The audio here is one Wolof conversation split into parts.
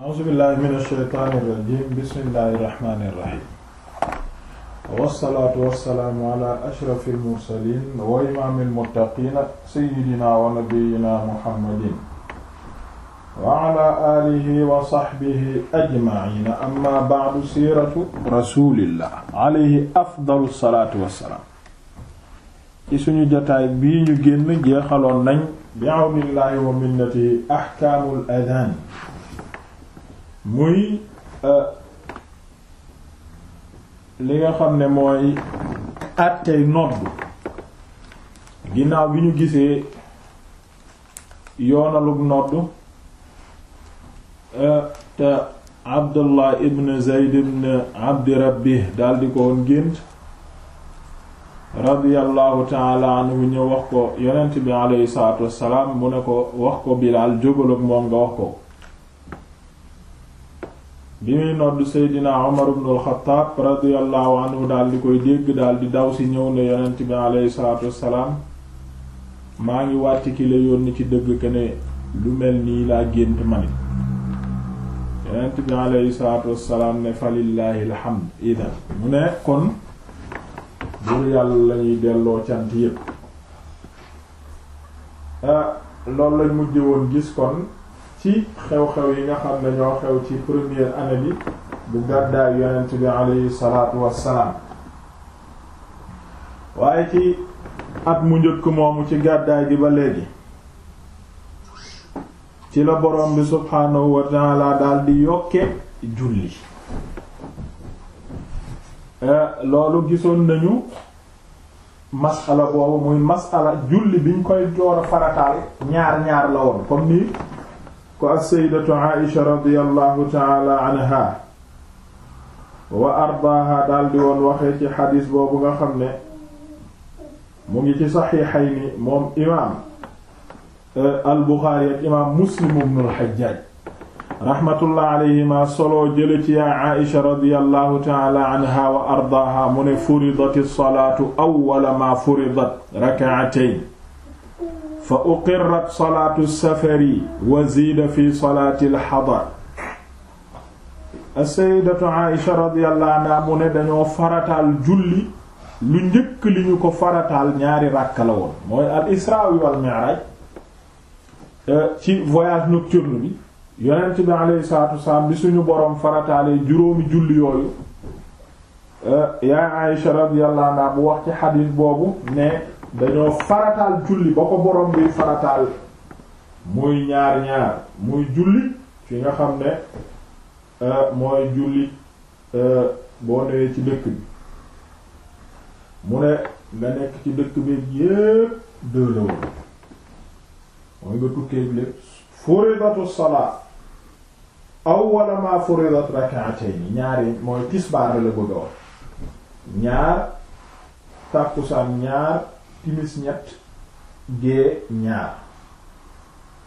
a'uuzu billaahi mina shaytaani rajiim bismillaahi rahmaani rahiim wassalaatu wassalaamu alaa ashrafil mursaliin wa imaamil muttaqiin sayyidinaa wa nabiyyinaa muhammadin wa alaa aalihi wa sahbihi ajma'iin ammaa ba'du siiratu rasuulillah alayhi afdalu salaatu wassalaam ci suñu jotaay bii ñu génn jeexaloon nañ bi awnillaahi wa minnatihi ahkaamul adaan muy euh, li nga xam ne mooy àttey nodd ginnaaw bi ñu gisee yoonalug nodd euh, te Abdullah ibn Zayd ibn Abdi Rabbi daldi ko woon gént radiyallahu taala anhu ñëw wax ko yonent bi alayhi salaatu wassalaam mu ne ko wax ko Bilaal jógalug moom nga wax ko bi muy nodd seydina omar ibn al-Khattab anhu daal koy dégg daw si ñëw ne yonent bi alayhi salaatu wassalaam maa ngi wàcc ki la yónni ci dëgg ke ne lu mel nii laa gént manit yonent bi alayhi salaatu wassalaam ne falillaahi alhamd idan mu ne kon buur yàlla lañuy delloo cant yépp ah, loolu lañ mujj woon gis kon ci xew-xew yi nga xam ne ñoo xew ci premier année bi bu gàddaay yonent bi aleyhi salaatu wassalaam waaye ci at mu njëkk moomu ci gàddaay gi ba léegi ci la borom bi subhaanahu wa ta'ala daal di yokke julli eh, loolu gisoon nañu masala boobu muy masala julli biñ koy joor a farataal ñaar ñaar la woon comme ni ko as-sayyidatu Aisha radiyallahu ta'ala anha wa ardaaha daldi woon waxee ci xadiis boobu nga xam ne mu ngi ci saxiixayni moom imaam euh, al-Buxaari ak imaam Muslim ibn al-Hajjaaj raxmatullah alayhima solo jële ci yaa Aisha radiyallahu ta'ala anha wa ardaaha mu ne furidat as-salaatu awwala ma furidat rak'atayn fa uqirrat salaatu safari wa ziida fi salaati alxadar asayidatu aisha radiyallahu anha mu ne dañoo farataal julli lu njëkk li ko farataal ñaari ràkka la woon mooy al isra wal mi'raj e, ci voyage nocturne bi yonent bi alayhi salaatu wasalaam bi suñu boroom farataalee juróomi julli yooyu e, yaay aisha radiyallahu anha bu wax ci xadiis boobu ne dañoo farataal julli ba ko borom bi farataal muy ñaar ñaar muy julli fi nga xam ne euh, mooy julli euh, boo newee ci dëkk bi mu ne nga nekk ci dëkk bi yépp deux la woon mooy nga tukkee lépp furidatu salaa awwala ma furidat rak'atayn ñaari mooy tisbaar la bëgg a ñaar tàkkusaan ñaar timis ñett gée ñaar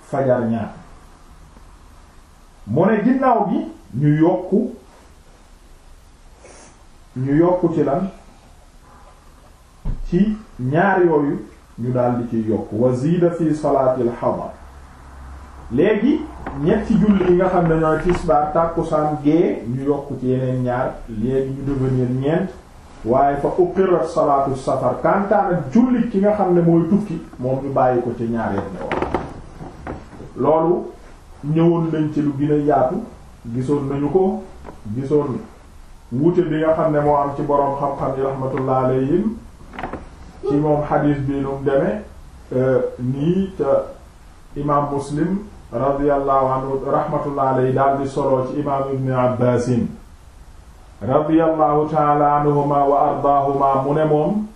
fajar ñaar mu ne ginnaaw gi ñu yokk ñu yokk ci lan ci ñaar yooyu ñu daldi ci yokk wa zida fi salaatil xamar léegi ñetti julli yi nga xam ne ñooy tisbaar tàkkusaan gée ñu yokku ci yeneen ñaar léegi ñu devenir ñeent waaye fa uqirat salaatu safar kantaan jullit ki nga xam ne mooy tukki moom ñu bàyyi ko ci ñaareel ne woon loolu ñëwoon nañ ci lu gën yaatu gisoon nañu ko gisoon wuute bi nga xam ne moo am ci boroom xam-xam yi rahmatullah alayhim ci moom xadiis bi nu mu demee euh, nii te imaam muslim radiyallahu anhu rahmatullah alayhi daal di solo ci imaam ibn abbasin radiyallahu taala anhuma wa ardaahuma mu ne moom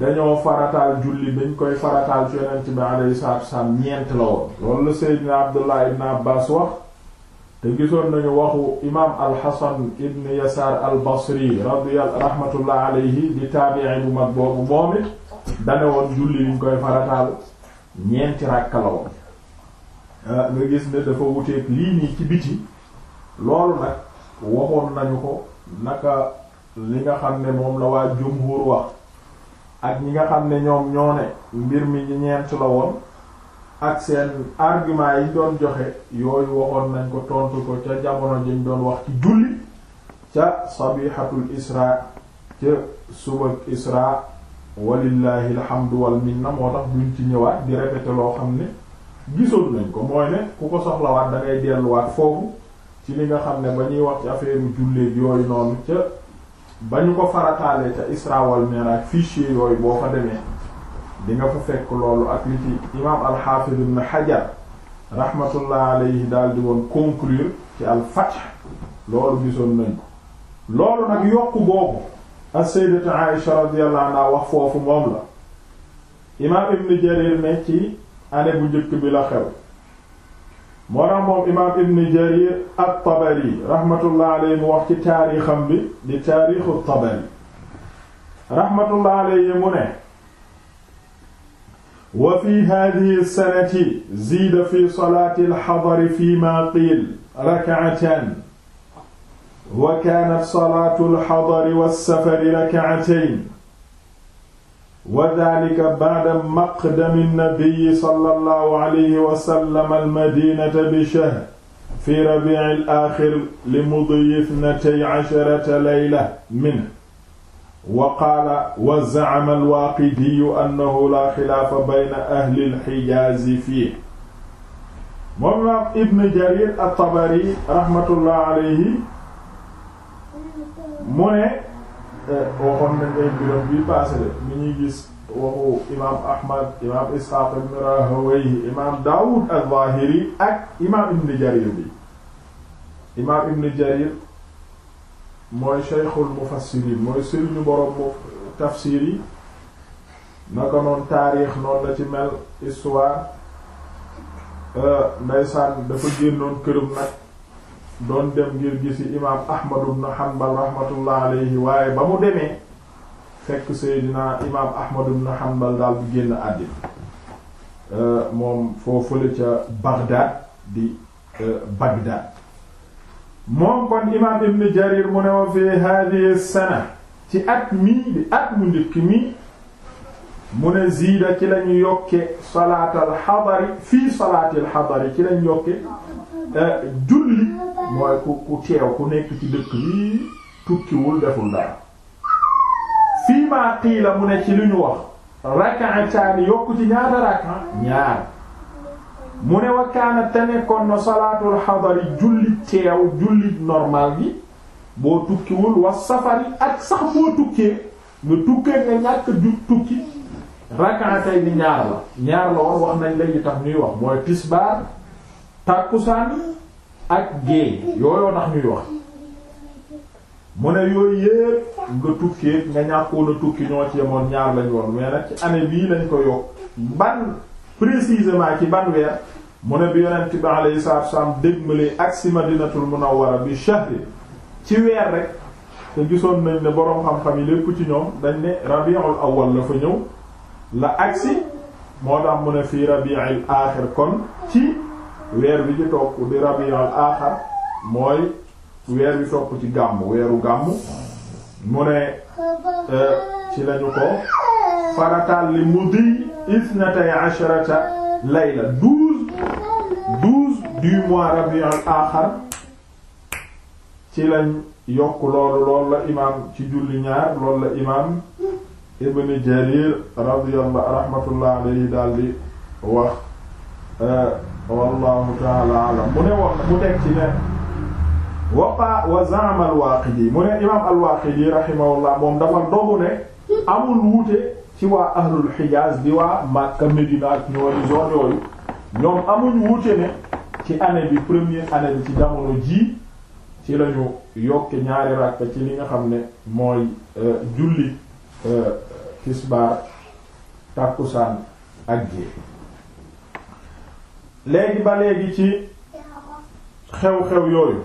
dañoo farataal julli dañ koy farataal ci yonent bi alayhi salaatu wasalaam ñeent la woon loolu la abdullah ibn abbas wax te gisoon nañu waxu imaam alxasan ibn yasaar al basri radiyallahu rahmatullah alayhi di taabi'i bu mag boobu moom it dane woon julli dañ koy farataal ñeenti ràkk la woon ah, nga gis ne dafa wuteeg lii nii ci biti loolu nag waxoon nañu ko naka li nga xam ne moom la waa jumhur wax ak ñi nga xam ne ñoom ñoo ne mbir mi ñi ñeent la woon ak seen argument yi doon joxe yooyu waxoon nañ ko tontu ko ca jamono jiñ doon wax ci julli ca sabihatul isra ca suba isra walillahi alhamdu wal minna moo tax duñ ci ñëwaat di répéter loo xam ne gisoon nañ ko mooy ne ku ko soxlawaat da ngay delluwaat foofu ci li nga xam ne ba ñuy wax ci affaire julleeg yooyu noonu ca ba ñu ko farataalee ca Isra wal Mi'raj fichier yooyu boo fa demee di nga fa fekk loolu ak li ci imaam al-Hafiz ibn Hajar rahmatullah alayhi daal di woon conclure ci al loolu gisoon nañ ko loolu nag yokku boobu as-sayyidatu Aisha radiyallahu anha wax foofu moom la imaam ibn Jarir ne ci année bu njëkk bi la xew moo tax moom imaam ibn jarir at-tabari rahmatullah alayhi mu wax ci taarixam bi di taarixu tabari rahmatullah alayhi mu ne wa fi hadhihi sanati ziida fi salati al-hadar fi ma qiil rak'atan wa kanat salatu al-hadar was-safar rak'atayn wa daalika ba'da maqdami nabiyyi sallallahu alayhi wa sallam al-madiinata bi shahr fi rabi'il aaxir li mudyi ithnatay ashrata layla minhu wa qaala wa za'ama al-Waaqidiyyu annahu laa xilaafa bayna ahli al-Hijaaz fiihi. moom Ibn Jariir at-Tabari rahmatullahi alayhi mu ne. waxoon nañ ay mbiram bii passé de mi ñuy gis waxu imam ahmad imam ishaq ibn rahawayhi imam daawud az-zahiri ak imam ibn jarir bi imam ibn jarir mooy shaykhul mufassirin mooy sëriñu boroom mu tafsir naka noonu taarix noonu la ci mel histoire euh, ndeysaan dafa génnoon këram nag doon dem ngir gisi imaam Ahmad ibn Hanbal rahmatullah alayhi waaye ba mu demee fekk Seydina imaam Ahmad ibn Hanbal daal bu génn àddina euh, moom foofule ca Baghdad di euh, Baghdad moom kon imaam Ibn Jarir mu ne wa fi hadhihi ci at mii di at mu njëkk mi mu ne ziida ci lañu yokke salaatal xadari fii salaatil xadari ci lañu yokke julli mooy ku ku teew ku nekk ci dëkk bi tukkiwul deful dara fii maa qiila mu ne ci li ñu wax rak'ataani yokk ci ñaata rak'a ñaar mu ne wa kaana te nekkoon na salaatul xadari julli teew julli normal bi boo tukkiwul wa safari ak sax boo tukkee nga tukkee nga ñàkk ju tukki rak'atay ni ñaar la ñaar la wax nañ léegi tax ñuy wax mooy tisbaar tàkkusaan ak géey yooyoo tax ñuy wax mu ne yooyu yépp nga tukkee nga ñàkkoon a tukki ñoo ci yemoon ñaar lañ woon mais ci année bii lañ ko yokk ban précisément ci ban weer mu ne bi yonent bi alayhi salaatu wasallam dégmale ak si madinatul munawwara bi shahri ci weer rek te gisoon nañ ne boroom xam-xam yi lépp ci ñoom dañ ne rabiul awwal la fa ñëw la agsi moo tax mu ne fii rabiul aaxir kon ci weer bi ci topp di rabiul aaxar mooy weer bi topp ci gàmm weeru gàmm mu ne euh, ci lañu ko farataal li mu di isnatay asharata layla douze douze du mois rabiul aaxar ci lañ yokk loolu loolu la imaam ci julli ñaar loolu la imaam ibn jarir radiyallahu rahmatullah alayhi daal wax euh, wallahu taala alam mu ne woon mu teg ci ne waqaa wa zaama al mu ne imaam al-Waaqidi moom dafa dogu ne amul wuute ci waa ahlul Hijaaz di waa Makka Medina ak yooyu ñoom amuñ wuute ne ci année bi première année bi ci jamono jii ci lañu yokke ñaari rakka ci li nga xam ne mooy euh, julli euh, tisbaar tàkkusaan ak gée léegi ba léegi ci xew-xew yooyu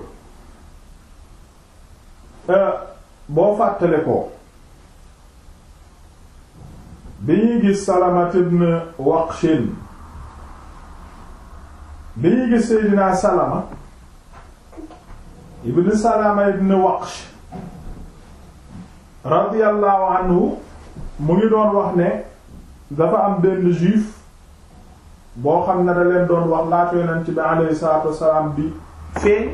euh, boo fàttale ko bi ñuy gis Salamat ibn Waqshin bi ñuy gis Seydina Salama ibn Salama ibn Waqsh radiyallahu anhu mu ngi doon wax ne dafa am benn juif boo xam ne da leen doon wax laata yonent bi alayhi salaatu wassalaam bi feeñ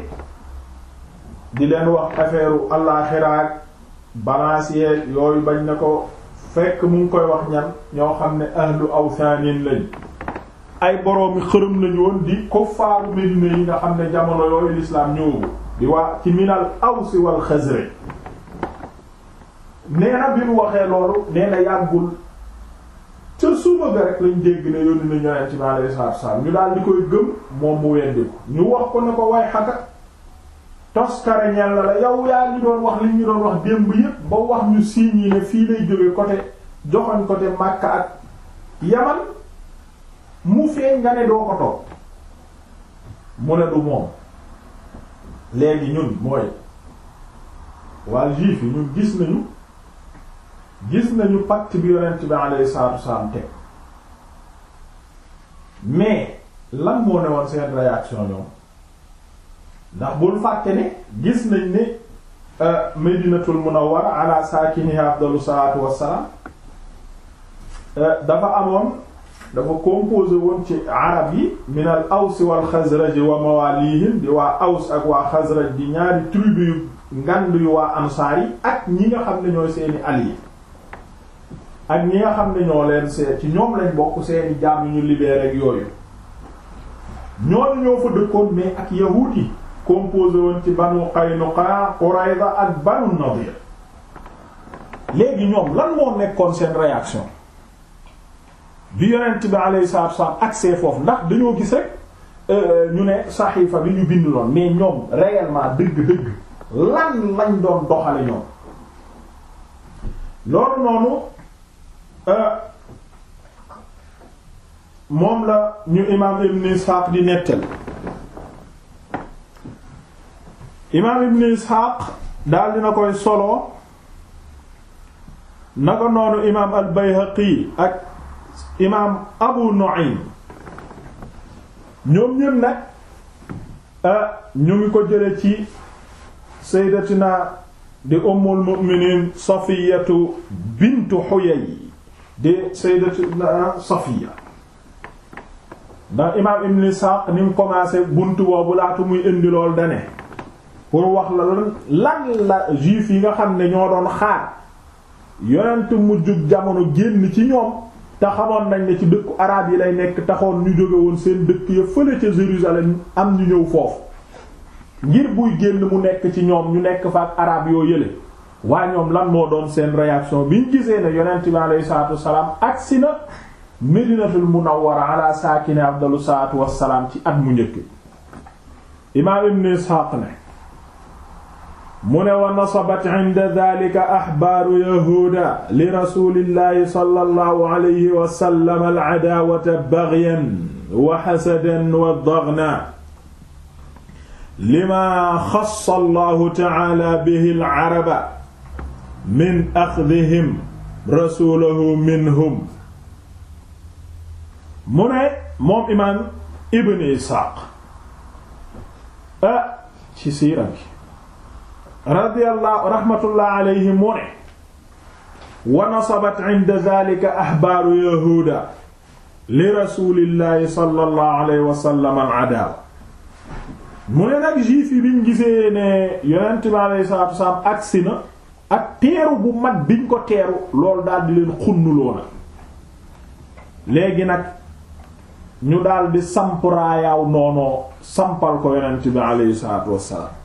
di leen wax affaire u àllaxiraak balance yooyu bañ na ko fekk mu ngi koy wax ñan ñoo xam ne ahlu awsaanin lañ ay boroomi xërëm lañu di ko kuffaaru Medina yi nga xam ne jamono yooyu lislaam ñëwul di waa ci minal Aws wal Xasraj nee na bi mu waxee loolu nee na yàggul suba ga rek lañ dégg ne yónni nañu yonent bi alayhi salaatu wassalaam ñu daal di koy gëm moom mu weddi ko ñu wax ko ne ko way xaka toskare ñel la la yow yaa ñu doon wax li ñu doon wax démb yépp ba wax ñu signes yi ne fii lay jóge côté joxoñ côté Makka ak Yaman mu feeñ nga ne doo ko toog mu ne du moom léegi ñun mooy waa juif yi ñun gis nañu gis nañu pacte bi yonent bi alayhi salaatu wasalaam teg mais lan moo ne woon seen réaction ñoom ndax bul fàtte ne gis nañ ne euh, Medinatul Munawwara ala saakiniha afdalu salaatu wassalaam euh, dafa amoon dafa composé woon ci arab yi min al aws wal xazraj wa mawalihim di waa aws ak waa xazraj di ñaari tribu yu ngand yu waa ansaar yi ak ñi nga xam ne ñooy seeni alliés ak ñi nga xam ne ñoo leen seet ci ñoom lañ bokk seeni jaam yu ñu libéré ak yooyu ñooñu ñoo fa dëkkoon mais ak yahuud yi composé woon ci banu Qaynuqa Qurayza ak banu Nadir léegi ñoom lan moo nekkoon seen réaction bi yonent bi alayhi ak see foofu ndax dañoo gis rek euh, euh, ñu ne saxiifa bi ñu bind loon mais ñoom réellement dëgg-dëgg lan lañ doon doxale ñoom loolu noonu Euh, moom la ñu imaam ibn isxaaq di nettal imaam ibn isxaaq daal dina koy solo naka noonu imaam al bayhaqi ak imaam abu nu'aym ñoom ñépp nag euh, ñu ngi ko jële ci sayyidatina di ummul mu'minin safiyatu bintu huyay de sayyidatuna Safiya ndax imaam Ibn Ishaq ni mu commencé buntu boobu laatu muy indi lool dane pour wax la lan la juif yi nga xam ne ñoo doon xaar yonent mujjug jamono génn ci ñoom te xamoon nañ ne ci dëkku araab yi lay nekk taxoon ñu jóge woon seen dëkk ya fële ca Jérusalem am ñu ñëw foofu ngir buy génn mu nekk ci ñoom ñu nekk fa ak araab yoo yële waa ñoom lan moo doon seen réaction biñ gisee ne yonent bi alayhi salaatu wasalaam agsi na medinatul munawwara ala saakine afdalu salaatu wasalaam ci at mu njëkk imaam ibn Isxaaq ne mu ne wa nasabat inda dhalika axbaaru yahuuda li rasulillahi sallallahu alayhi wa sallam al adaawata baghyan wa hasadan wa daghna lima xassa allahu ta'ala bihi al araba min axdihim rasulahu minhum mu ne moom imaam ibn isxaaq ah ci siira bi radiyallahu rahmatullah alayhi mu ne wa nasabat inda zalika axbaaru yahuuda li rasulillahi sallallahu alayhi wa sallam al adaawa mu ne nag juif yi biñ gisee ne yonent bi alayhi salaatu wa salaam agsi na ak teeru bu mag biñ ko teeru loolu daal di leen xunnuloona léegi nag ñu daldi di samp raayaaw noonoo sampal ko yonent bi aleyhi salaatu wassalaam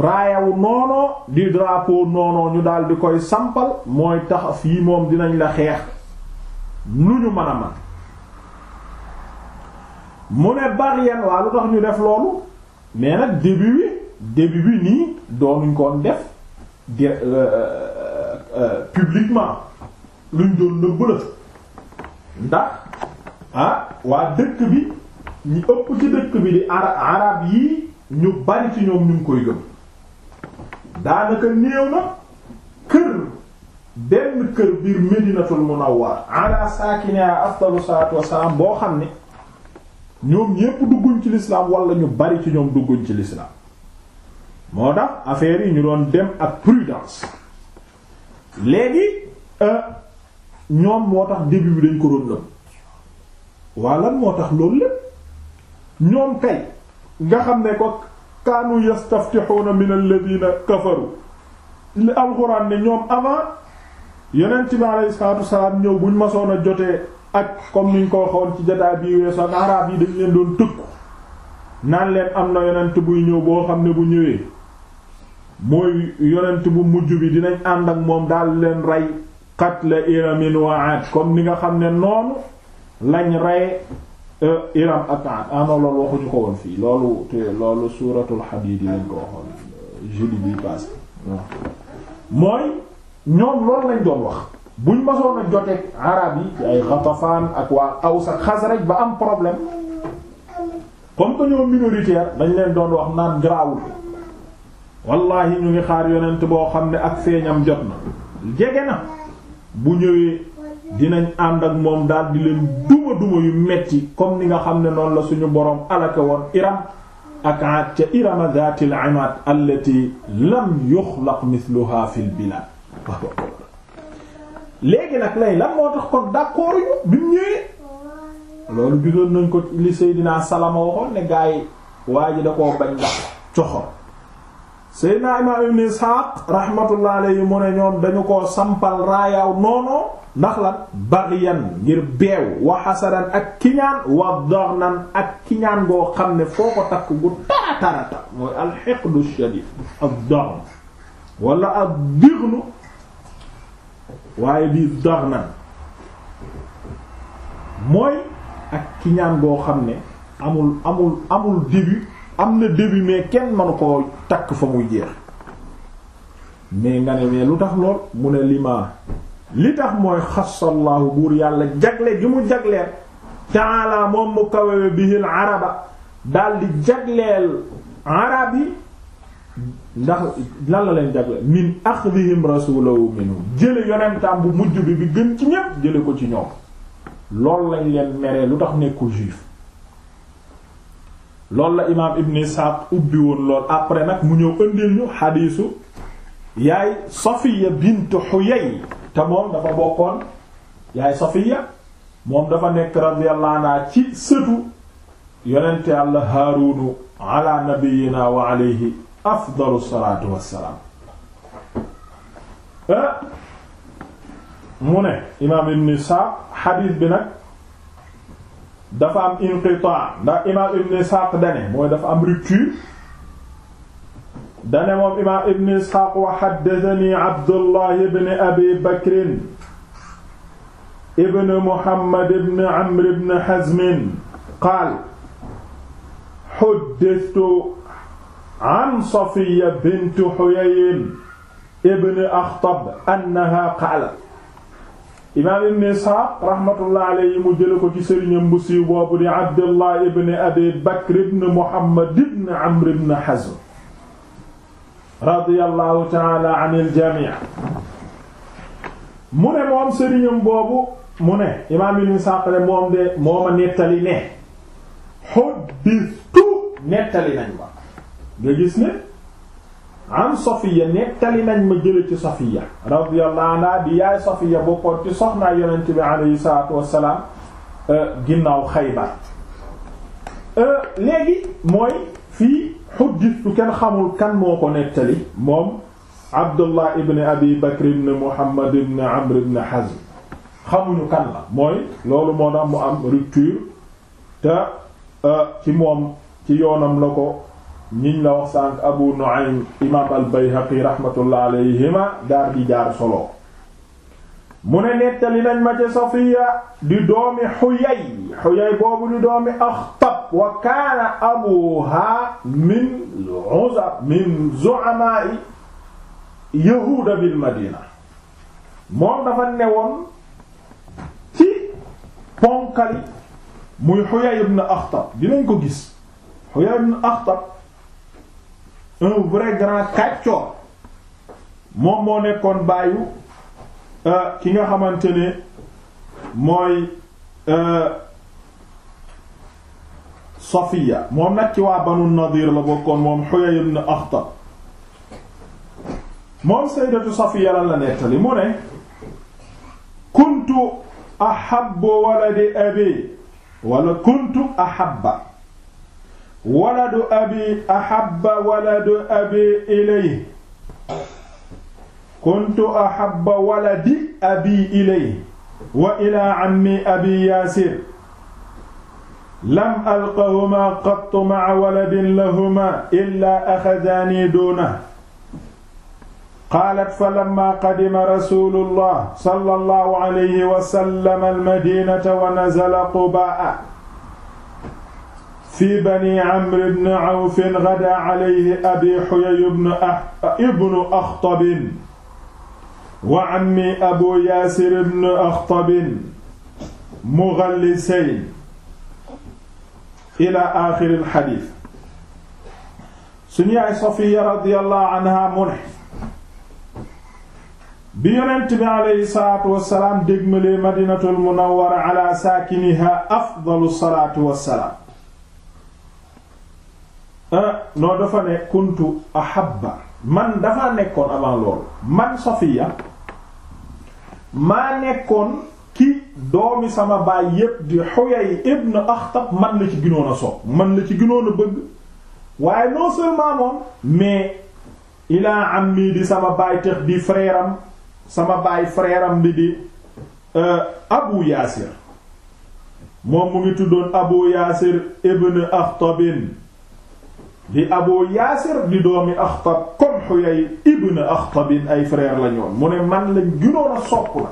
raayawu noonoo di drapeau noonoo ñu daal koy sampal mooy tax fii moom dinañ la xeex nu ñu mën a man mu ne bariyan waa lu tax ñu def loolu mais nag début wi début bi nii doonuñ koon def di euh, euh, euh, publiquement luñ doon nëbb la ndax ah waa dëkk bi ñu ëpp ci dëkk bi di ara arab yii ñu bari ci ñoom ñu ngi koy gëm daanaka néew kër benn kër biir Medinatul Munawwar ala saakiniha afdalu salaatu wassalaam boo xam ne ñoom ñépp dugguñ ci lislaam wala ñu bari ci ñoom dugguñ ci lislaam moo tax affaire yi ñu doon dem ak prudence léegi euh, ñoom moo tax début bi dañ ko doon lëm waa lan moo tax loolu lépp ñoom kay nga xam ne ko kaanu yastaftihuna min alladhina kafaru li alxuraan ne ñoom avant yonent bi alayhi salaatu wasalaam ñëw buñ masoon a jotee ak comme niñ ko waxoon ci jotaay bii weesu araab yi dañ leen doon tëkku naan leen am na yonent buy ñëw boo xam ne bu ñëwee mooy yonent bu mujj bi dinañ ànd ak moom daal leen rey qatla iramin wa aad comme ni nga xam ne noonu lañ rey euh, iram ak aad ano ah loolu waxuñu ko woon fii loolu te loolu suuratul yi lañ ko waxoon euh, jeudi mooy ñoom loolu lañ doon wax buñ masoon a joteeg arab yi ci ay ak waa sa ak Xasraj ba am problème comme que ñoo minoritaire dañ leen doon wax naan garaawul wallahi ñu ngi xaar yonent boo xam ne ak feeñam jot na jege na bu ñëwee dinañ ànd ak moom daal di leen duma duma yu metti comme ni nga xam ne noonu la suñu boroom alaka woon iram ak aat ca irama zaatil imaad allati lam yuxlaq mithluha fil bilaad léegi nag lay lan moo tax kon d'accord yu bi ñëwee loolu gisoon nañ ko li dinaa Salama waxoon ne gaa waa ji da koo bañ ndax coxor Seydina imaam ibn Isxaaq rahmatullah alayhi mu ne ñoom dañu koo sampal raayaaw noonu ndax la bariyan ngir beew wa xasaran ak kiñaan wa daghnan ak kiñaan boo xam ne foo ko takk gu taratarata mooy alxiqdu shadiid ad-daghn wala ak daghnu waaye bii daghnan mooy ak kiñaan boo xam ne amul amul amul am na début kenn manu koo takk fa muy jeex mais nga ne mais lu tax lool mu ne lima li tax mooy xasallaahu buur yàlla jagle gi mu jagleel taala moom mu kawewe bihil araba daal di jagleel arab yi ndax lan la leen jagle min axdihim rasulahu minhum jële yonentam bu mujj bi bi gën ci ñépp jële ko ci ñoom loolu lañ leen meree lu tax nekkul juif loolu la imaam Ibn Isxaaq ubbi woon lool après nag mu ñëw ëndil ñu xadiisu yaay Safiya bint Huyay te moom dafa bokkoon yaay Safiya moom dafa nekk radiyallahu anha ci sëtu yonent Yàlla Haaruunu ala nabiyyina wa afdalu salaatu wassalaam eh? mu ne imaam Ibn Isxaaq xadiis bi nag dafa am inqitaa ndax imaam ibn Isxaaq dane mooy dafa am rupture dane moom imaam ibn Isxaaq wa haddathani Abdullah ibn Abi Bakr ibn Muhammad ibn Amr ibn Hazm qaal huddithtu an Safiyya bint Huyayyin ibn Akhtab annaha qaalat imaam ibn Isxaaq rahmatullah alayhi mu jële ko ci sëriñam bu siiw boobu di Abdullah ibn Abi Bakr ibn Muhammad ibn Amr ibn Hazm radiyallahu ta'ala anil jamii mu ne moom sëriñam boobu mu ne imaam ibn Isxaaq ne moom de mooma nettali ne xudditu nettali nañ ma nga gis ne an Safiya nettali nañ ma jële ci Safiya radiyallahu anha di yaay Safiya bokkoon ci soxnaa yonent bi alayhi salaatu wassalaam euh, ginnaaw Xaybar euh, léegi mooy fii xudditu kenn xamul kan moo ko nettali moom Abdullah ibn Abi Bakr ibn Muhammad ibn Amr ibn Hazm xamuñu kan la mooy loolu moo tax mu am rupture te euh, ci moom ci yoonam la ko ñiñ la wax sànq Abu Nu'aym imaam al-Bayhaqi rahmatullah alayhima daar di jaar solo mu ne nettali nañ ma ci Safiya di doomi Huyay Huyay boobu di doomi Akhtab wa kaana abuha min uzab min zu'amaa'i yahuuda bil Madina moom dafa newoon ci ponkali muy Huyay ibn Akhtab dinañ ko gis Huyay ibn Akhtab un vrai grand moom moo nekkoon bàyyu euh, ki nga xamante ne mooy euh, Safiya moom nag ci waa Banu Nadir la bokkoon moom Huyay ibn Akhtab moom sayyidatu Safiya lan la nettali mu ne kuntu ahabbu waladi abi wala kuntu ahabba waladu abi ahabba waladu abi ilay kuntu ahabba waladi abi ilay wa ila ammi abi yaasir lam alqahumaa qattu ma'a waladin lahumaa illaa axadaanii duunahu qaalat falammaa qadima rasuulullaah sallallaahu alayhi wa sallam almadiinata wa nazala qubaa'a fi bani amr ibn awf ghadaa alayhi abi huyay ibn ah-, akhtab wa ammi abu yaasir ibn akhtab mughallisayn ila aaxiri alxadiis suñu yaay safiya radiyallahu anha mu ne bi yonent bi aleyhi salaatu wassalaam dégmalee madinatul munawwara ala saakiniha afdalu salaatu wassalaam Ah, non dafa ne kuntu ahabba man dafa nekkoon avant loolu man sofiya maa nekkoon ki doomi sama baay yépp di Huyay ibn Akhtab man la ci ginoon a sopp man la ci ginoon a bëgg waaye non seulement mais ilaa am mii di sama baay tex di frère sama baay frère bi di euh, Abu Yaasir moom mu ngi tuddoon Abu Yaasir ibn Akhtabin di abu yaasir di doomi axtab comme xuyay ibn axtabin ay frère la mu ne man lañ gënoon a sopp la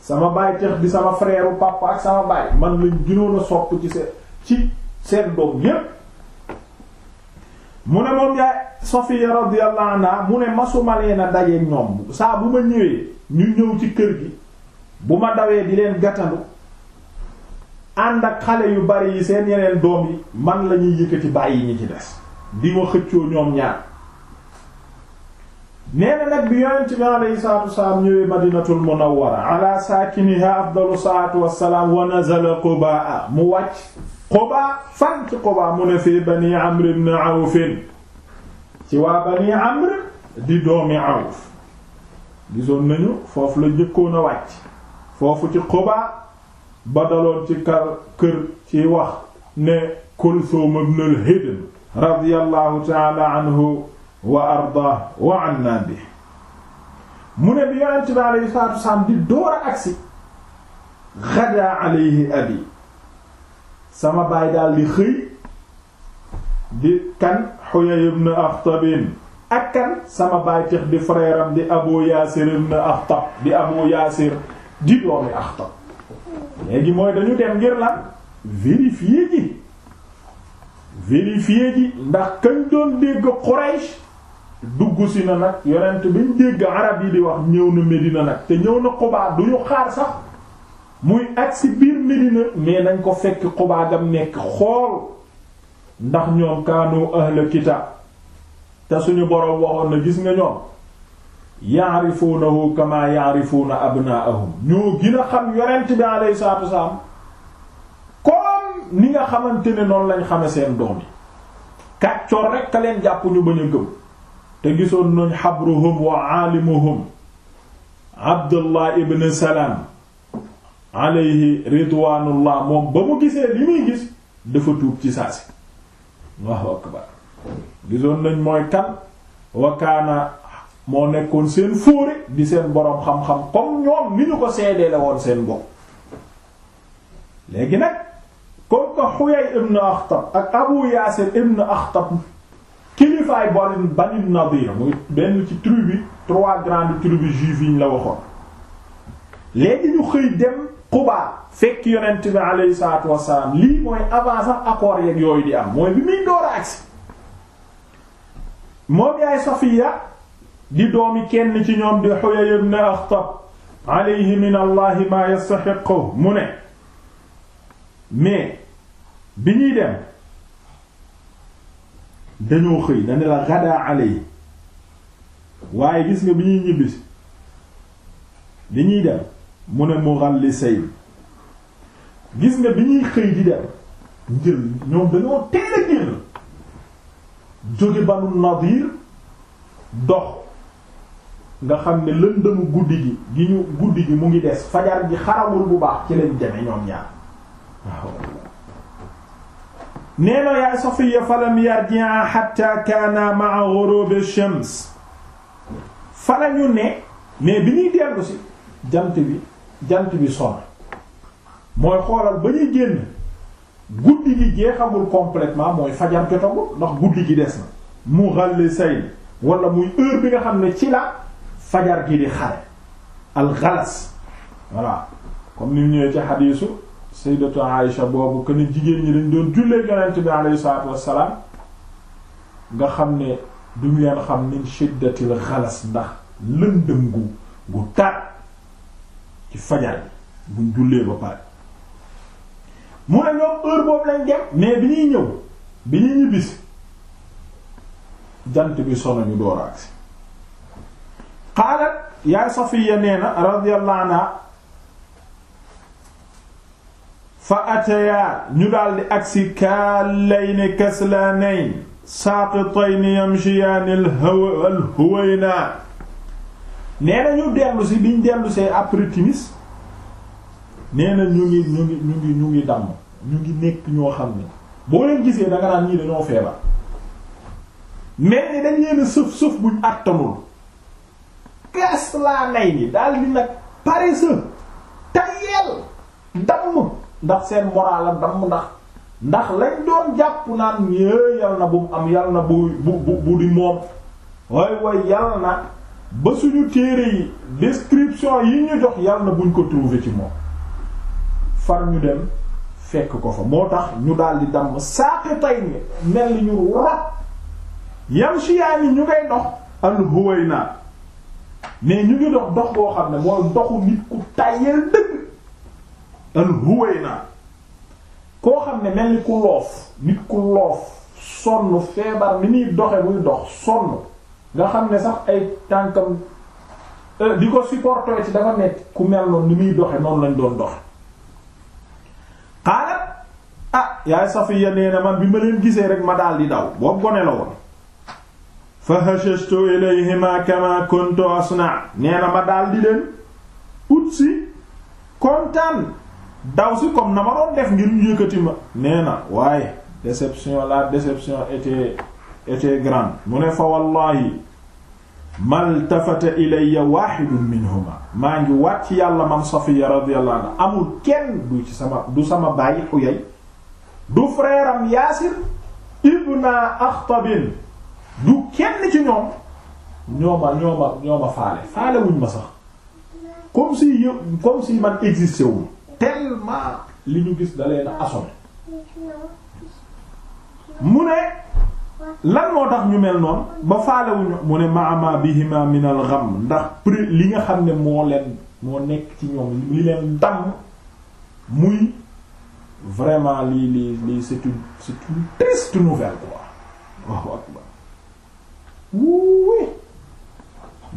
sama baay tex di sama frère papa sama baay man lañ gënoon a sopp ci seen ci seen doom yépp mu ne moom yaay Safiya radiyallahu anha mu ne masuma leen a dajeeg ñoom saa bu ma ñëwee ñu ñëw ci kër gi bu ma dawee di leen gàttandu ànd ak xale yu bari yi seen yeneen doom yi man la yëkkati bàyyi ñi ci des di ma xëccoo ñoom ñaar nee na nag bi yonent bi alayhi salaatu wasalaam ñëwee madinatul munawwara ala saakiniha salaatu wassalaam wa nazala Quba mu wàcc Quba fan ci Quba mu ne fii bani Amr ibn Awf ci waa bani Amr di doomi Awf gisoon nañu foofu la jëkkoon wàcc foofu ci Quba ba daloon ci kar kër ci wax ne Kulthum ibn al-Hidn radiyallahu ta'ala anhu wa arda wa anna bi mu ne bi yonent bi alayhi salaatu wasalaam di door a agsi ghadaa alayhi abi sama baay daal di xëy di kan Huyay ibn Akhtab ak kan sama baay tex di frère am di Abu Yaasir ibn Akhtab di Abu Yaasir di doomi Akhtab léegi mooy dañu dem ngir lan vérifier ji vérifier ji ndax kañ doon dégg Quraysh dugg si na nag yonent bañ dégg arab yi di wax ñëw na Medina nag te ñëw na Quba duñu xaar sax muy agsi biir Medina mais nañ ko fekk Quba gam nekk xool ndax ñoom kaanu ahla kitab te suñu boroom waxoon na gis nga ñoom yaarifuunahu kama yaarifuuna abnaahum ñoo gën a xam yonent bi alayhi salaatu wasalaam ni nga xamante ne noonu lañ xame seen doom yi kàccoor rekk a leen jàpp ñu bañ a gëm te gisoon nañ xabruhum wa aalimuhum abdullah ibn li muy gis dafa tuub mooy kan wa moo nekkoon seen fóore di seen boroom xam-xam comme ñoom ni ñu ko seedeele woon seen bopp léegi nag comme que Huyay ibn Akhtab ak Abu Yasir ibn Akhtab kilifaay borin Bani Nadir muy benn ci tribu trois grandes tribus juives yi la waxoon léegi ñu xëy dem Quba fekk yonent bi lii mooy avant sax accord yeeg yooyu di am mooy bi muy door a moom yaay Safiya di doomi kenn ci ñoom di Huyay ibn Akhtab alayhi min allahi ma yastaxiqu mu ne mais bi ñuy dem dañoo xëy na ne la waaye gis nga bi ñuy ñibbisi bi ñuy dem mu ne mughallisay gis nga bi ñuy xëy di dem njël ñoom dañoo teel a génn Banu Nadir dox nga xam ne lëndëmu guddi gi gi ñu guddi gi mu ngi des fajar gi xarawul bu baax ci lañ deme ñoom ñaar waaw nee na yaa Safiya falam yarji'a hatta kaana ma'a ghurub ash-shams fa ne bi ñuy dellu si jant bi jant bi sonn mooy xoolal ba ñuy génn guddi gi jeexamul complètement mooy fajar jotagul ndax guddi gi des na mu xàll say wala muy heure bi nga xam ne ci la fajar gi di xare alxalas voilà comme ni mu ñëwee ci xadiisu sayyidatu Aïsha boobu que ni jigéen ñi dañ doon jullee yonent bi alayhi salaatu wassalaam nga xam ne duñ leen xam ni shiddatil xalas ndax lëndëm gu gu tar ci fajar bi buñ jullee ba pare mu ne ñoom heure boobu lañ dem mais bi ñuy ñëw bi ñuy ñibbisi jant bi sono ñu door agsi qaalat yaay safiya nee na radiyallahu anha fa atayaa ñu daldi agsi kaallayni kaslaanayn saaqitayni yamshiyaani alhuwaynaa nee na ñu dellu si biñ dellu see après na ñu ngi ñu ngi ñu ngi ñu ngi damm ñu ngi nekk ñoo xam ne boo leen gisee danga naan ñii dañoo feebar mais ni dañ leen sëf sëf buñ àttamul fees laa nay ni daal di nag paresseux tayel damm ndax seen moral a damm ndax ndax lañ doon jàpp naan yé yal na bu am yal na bu bu bu di moom way way yal na ba suñu téere yi description yi ñu jox yal na buñ ko trouver ci moom far ñu dem fekk ko fa moo tax ñu daal di damm saaqi tay ni mel ni ñu rot yam ni ñu ngay dox al huwayna mais ñu ngi dox dox boo xam ne mooy doxu nit ku tàyyeel dëgg al huwayna koo xam ne mel ni ku loof nit ku loof sonn feebar mi ñuy doxe muy dox sonn nga xam ne sax ay tànkam euh, di ko supporter ci dafa nekk ku mel noonu ni muy doxe noonu lañ doon doxe xaalat ah yaay Safiya nee na man bi ma leen gisee rek ma daal di daw boobu gone la woon fa hashashtu ilayhima kama kuntu asna nee ma daal di leen ut si kontaan daw si comme na ma doon def ngir ñu yëkkati ma nee waaye déception la déception était était grande mu ne fa wallahi maltafata ilayya wahidun minhuma maa ngi wàcc yàlla man safiya radiyallahu anhu amul kenn du ci sama du sama xuyay du frère yaasir ibna axtabin du kenn ci ñoom ñooma ñooma ñooma faale faale wuñ ma sax comme si yo comme si man existé wul tellement li ñu gis da leen a mu ne lan moo tax ñu mel noonu ba faale wuñu mu ne maama bihima min al gham ndax prix li nga xam ne moo leen moo nekk ci ñoom li leen damm muy vraiment lii lii lii c'est une c'est une triste nouvelle quoi waaw wuuwee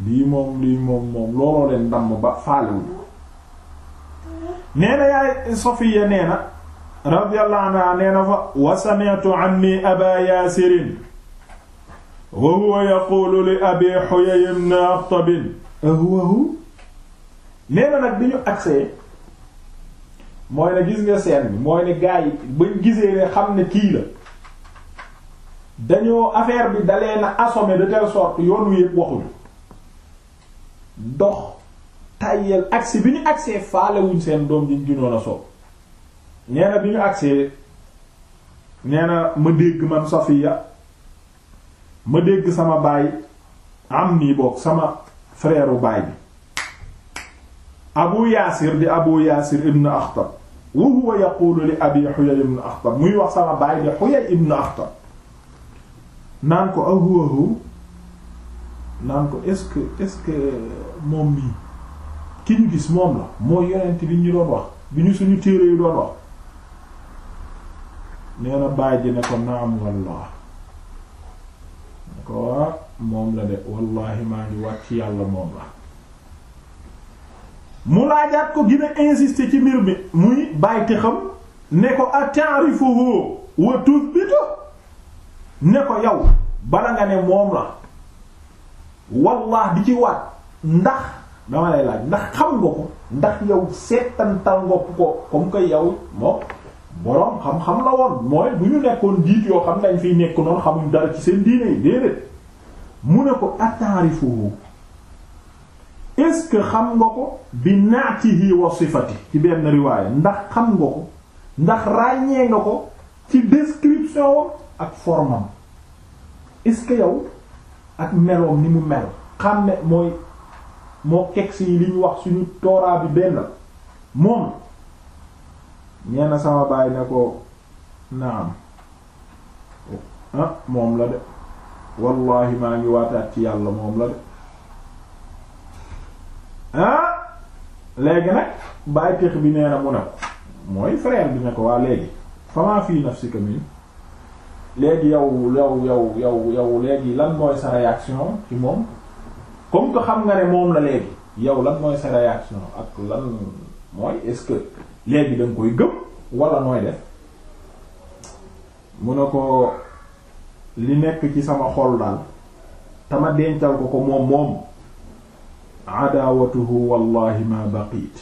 lii moom lii moom moom looloo leen damm ba faalewuñu nee na yaay Safiya nee na radiyallahu anha nee na fa wa sami'tu anni aba yaasirin wa huwa yaqulu li abi huyay ibn aqtab huwa hu nee na nag bi ñu agsee mooy ne gis nga seen bi mooy ne gaa yi bañ gisee ne xam ne kii la dañoo affaire bi dalee na assommé de telle sorte yoon wi yëpp waxuñu dox tàyyeel agsi bi ñu agsee faalewuñ seen doom ji ginoon a sopp nee na bi ñu agsee nee na ma dégg man Safiya ma dégg sama baay am nii boog sama frère u baay bi Abu Yaasir di Abu Yaasir ibn Akhtab wa huwa yaqulu li Abi Huyay ibn Akhtab muy wax sama baay bi Huyay ibn Akhtab naan ko ahuwahu naan ko est-ce que est-ce que moom mii ki ñu gis moom la mooy yonent bi ñu doon wax bi ñu suñu téere yu doon wax nee na ji ne ko naam wallah ne ko waa ah, moom la de wallahi maa ngi wàcc ci yàlla moom la mu laajaat ko gën a ci mbir bi muy bàyyi te ne ko ata'rifuhu wa tuthbitu ne ko yow bala nga ne moom la wallah di ci waat ndax dama lay laaj ndax xam nga ko ndax yow seetantal nga ko comme que yow moom boroom xam-xam la woon mooy bu ñu nekkoon jiit yoo xam dañ fiy nekk noonu xamuñ dara ci seen mu ne ko atarifuhu est-ce xam nga ko bi naatihi wa sifati ci benn riwaaya ndax xam nga ko ndax ràññee nga ko ci description ak formam est yow ak meloom ni mu mel xam ne mooy moo kegsi yi li ñu wax suñu tooraa bi benn moom ñeena sama baay ne ko naam ah, moom la de wallahi maa ngi waataat ci yàlla moom la de ah, léegi nag bàyyi teex bi nee na mu ne mooy frère bi ne ko waa léegi famaa fii nafsika min léegi yow yow yow yow yow léegi lan mooy sa réaction ci moom comme que xam nga ne moom la léegi yow lan mooy sa réaction ak lan mooy est-ce que léegi da koy gëm walla nooy def mu ne ko li nekk ci sama xol daal tama dencal ko ko moom moom adawatuhu wallahi ma baqiit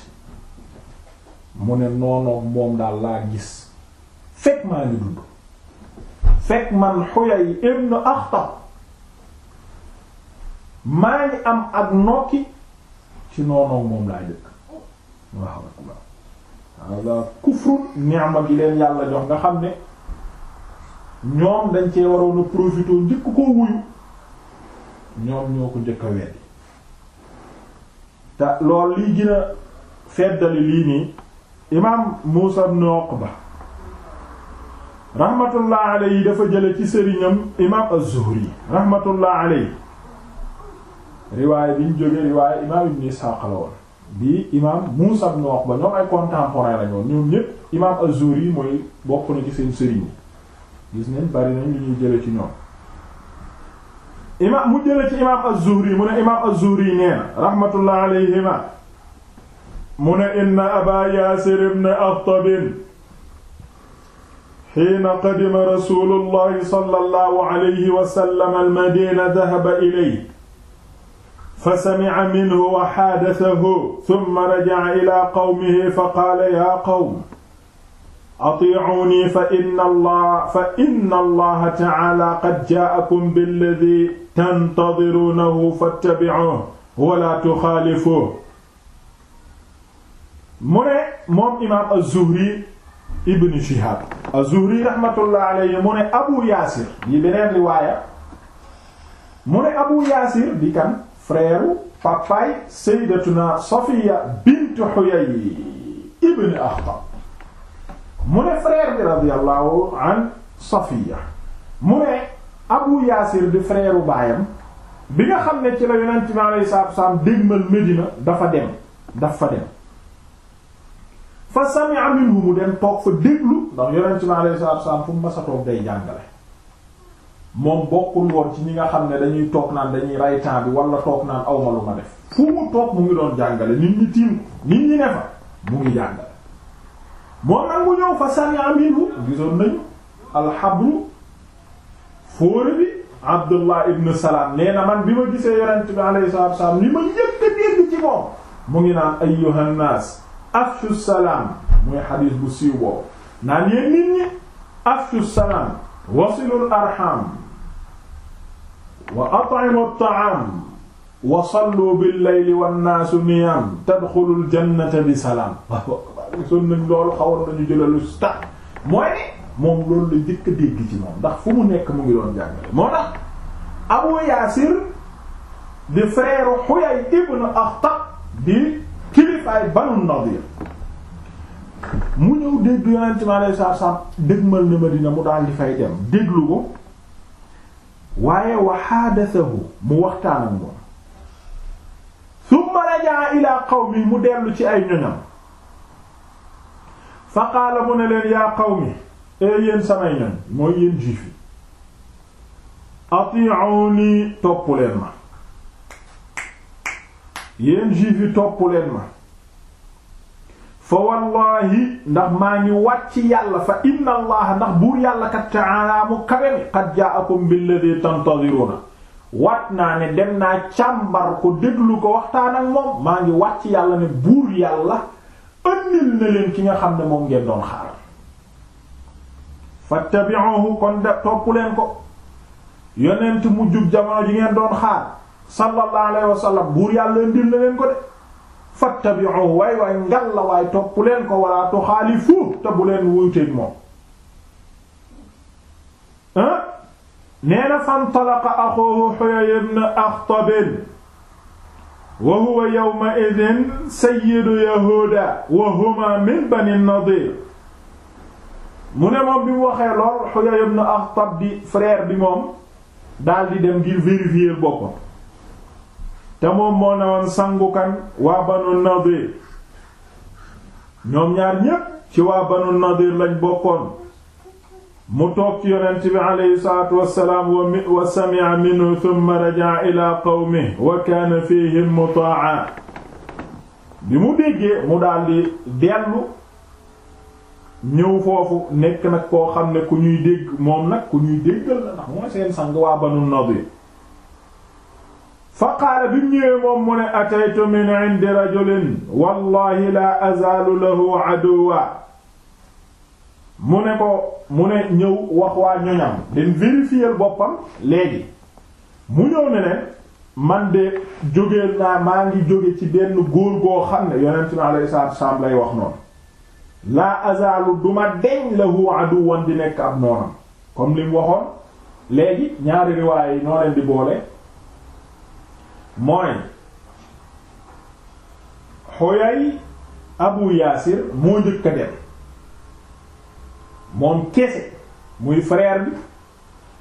mu ne noonoog moom daal laa gis fekk maa ngi dund fekk man Huyay ibn Akhtab maa am ak nokki ci noonoog moom laa jëkk waaw akbar hada kufru ni'ma bi leen yàlla jox nga xam ne ñoom dañ cee waroon a profité njëkk koo wuyu ñoom ñoo ko njëkk a te loolu lii gën feddali lii nii imaam Muusa ibn Uqba rahmatullah yi dafa jële ci sëriñam imaam az-Zuhri rahmatullah alayhi riwaay bi ñu jógee riwaay imaam ibn Ishaq la bi imaam Muusa ibn Uqba ñoom ay contemporain lañu woon ñépp imaam az-Zuhri ci seen sëriñ yi gis nañ mu ne imaam az-Zuhri nee na rahmatullah alayhima mu ne inna Aba Yaasir ibn Akhtab xiina qadima rasulullahi sallallahu alayhi wa sallam almadina dahaba ilay fa samica minhu wa xaadasahu summa rajaca ila qawmihi fa qaala yaa qawm atiicuunii fa inna allah fa inna allaha tacaala qad jaa'akum billadii tantadiruunahu fattabicuuhu wala tuxaalifuuhu mu ne moom imaam az-Zuhri ibn Shihab az-Zuhri rahmatullah alayhi mu ne Abu Yaasir di beneen riwaaya mu ne Abu Yaasir di kan frère papaay sayyidatuna Safiya bint Huyay ibn Akhtab mu ne frère bi radiyallahu an Safiya mu ne Abu Yaasir di frère baayam bi nga xam ne ci la Yonent mi alayhi salaatu wa salaam dégmal Medina dafa dem dafa dem fa sami'a minhu mu dem toog fa déglu ndax yonent bi alayhi salaatu wasallam fu mu masa toog day jàngale moom bokkul woon ci ñi nga xam ne dañuy toog naan dañuy ray temps bi wala toog naan awma lu ma def fu mu toog mu ngi doon jàngale nit ñi tiim nit ñi ne fa mu ngi jàngale moom nag ñëw fa sami'a minhu gisoon nañu alxabru fóore bi abdullah ibn salaam nee na man bi ma gisee yonent bi alayhi salaatu wasallam li ma yëkk dégg ci moom mu ngi naan ayyuhan afshu salaam mooy xadiis bu siiw boobu naan yéen nit ñi afshu salaam wasilul arham wa at'imu at-ta'am wa sallu bil-layli wan-naasu niyaam tadxulul jannata bi salaam son nañ loolu xawoon nañu jëlalu sta mooy ne moom loolu la njëkk a dégg ci moom ndax fu mu nekk mu ngi doon jàngale moo tax Abu Yaasir di frère Huyay ibn Akhtab di mu ñëw dégg yonent mi alayhi salaatu salaam dégmal na Madina mu daal di fay dem déglu ko waaye wa hadathahu mu waxtaan ak summa rajaa ila qawmi mu dellu ci ay ñoñam fa qaala ne leen yaa qawmi e yéen samay ñoñ mooy yéen juif yi ati'uni topp leen ma yéen juif topp leen ma fa wallahi ndax maa ngi wàcc yàlla fa inna allaha ndax buur yàlla kat ta'ala mu kawe mi qad ja'akum billadhi tantadiruna waat naa ne dem naa càmbar ko déglu ko waxtaan ak moom maa ngi wàcc yàlla ne buur yàlla ënnil na leen ki nga xam ne moom ngeen doon xaaral fattabi'uhu kon topp leen ko yonent mu jub jamono ji ngeen doon xaar sallallahu alayhi wa buur yàlla ëndil na leen ko de fattabi'u waay waay ngal la waay topp leen ko wala tuxaalifu te bu leen wuyuteeg moom ah nee na fantalaqa axuhu wa huwa yawma idhin sayyidu yahuuda wa huma min bani Nadir mu ne moom bi mu waxee lool Huyay ibn di frère bi dem ngir vérifier boppam te moom moo ne woon sangukan waa banu nadir ñoom ñaar ñépp ci waa banu nadir lañ bokkoon mu toog ci yonent bi aleyhi salaatu wassalaam wa sami'a minhu thumma raja'a ila qawmihi wa kaana fihim mutaa'a bi mu déggee mu daldi dellu ñëw foofu nekk nag koo xam ne ku ñuy dégg moom nag ku ñuy déggal la ndax mooy seen sang waa banu nadir fa qaala bi ñëwee moom mu ne ataytu min indi rajulin wallahi la azaalu lahu aduwa mu ne ko mu ne ñëw wax waa ñoñam dem vérifier boppam léegi mu ñëw ne man de jógee naa maa ngi jóge ci benn góor goo xam ne yonent mi alayhi lay wax noonu la azaalu duma deñ lahu aduwan di nekk ab noonam comme li mu waxoon léegi ñaari riwaay yi noo di boole mooy Huyay Abu Yaasir moo njëkk a dem moom kese muy frère bi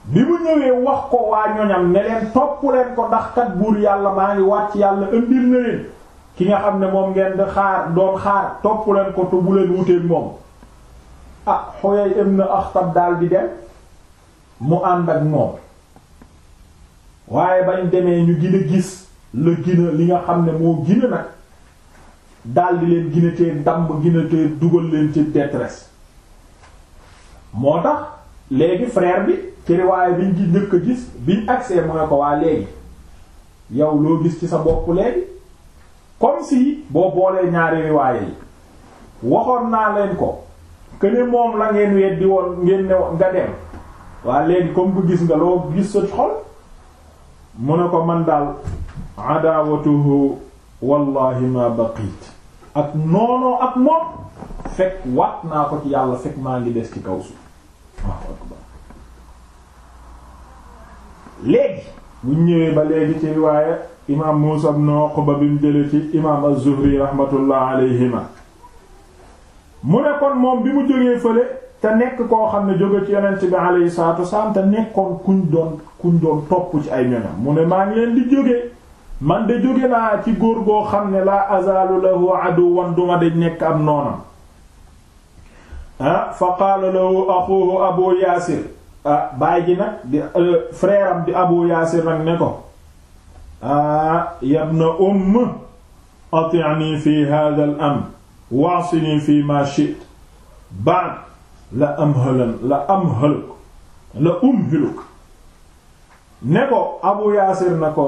bi mu ñëwee wax ko waa ñoñam ne leen topp leen ko ndax kat buur yàlla maa ngi wàcc yàlla indil na leen ki nga xam ne moom ngeen di xaar doon xaar topp leen ko te bu leen wuteeg moom ah Huyay ibn Akhtab daal di dem mu ànd moom waaye bañ demee ñu gën a gis la gina li nga xam ne moo gina nag daldi leen gina tee ndàmb gina tee dugal leen ci détresse moo tax léegi frère bi ci riwaaye biñ gi njëkk a gis biñ agsee mu ko waa léegi yow loo gis ci sa bopp léegi comme si boo boolee ñaari riwaaye yi waxoon naa leen ko que moom la ngeen weddi woon ngeen ne nga dem waa léegi comme bu gis nga loo gis sa xol mu ne ko man daal adaawatuhu wallahi ma baqiit ak noonoo ak moom fekk waat naa ko ci yàlla fekk maa ngi des ci kaw suuf léegi bu ñëwee ba léegi ci riwaaya imaam Muusa ibn Uqba bi mu jële ci imaam az-Zuhri alayhima mu ne kon moom bi mu jógee fële te nekk koo xam ne jóge ci yonent bi alayhi salaatu wasalaam te nekkoon kuñ doon kuñ doon topp ci ay ñoñam mu ne maa ngi leen di jógee man de jóge naa ci góor goo xam ne laa azaalu lahu aduwan duma de nekk am noonam ah fa qaala lahu axuhu abu yaasir ah baay ji nag di euh, frère am di abu yaasir nag ne ko ah yabna umm ati'ni fi hadha al amr wa'sini fi ma shi'ta ba'd la amhalan la amhaluk la umhiluk ne ko abu yaasir na ko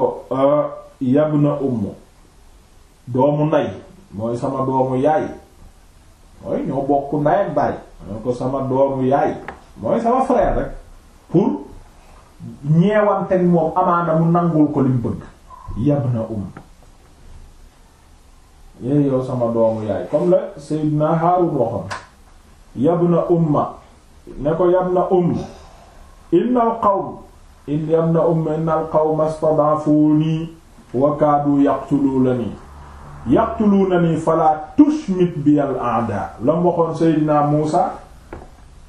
yabna umm doomu nday mooy sama doomu yaay mooy ñoo bokk nday ak baay ñoo ko sama doomu yaay mooy sama frère rek pour ñeewanteeg moom amaana mu nangul ko lim bëgg yabna umm yéy yow sama doomu yaay comme la Seydina Haarun waxoon yabna umma ne ko yabna umm innal qawm in yabna umm innal qawma istad'afuni wakaadu yaqtuluunani yaqtuluunani fala falaat bi al a'da lam waxoon Seydina Muusa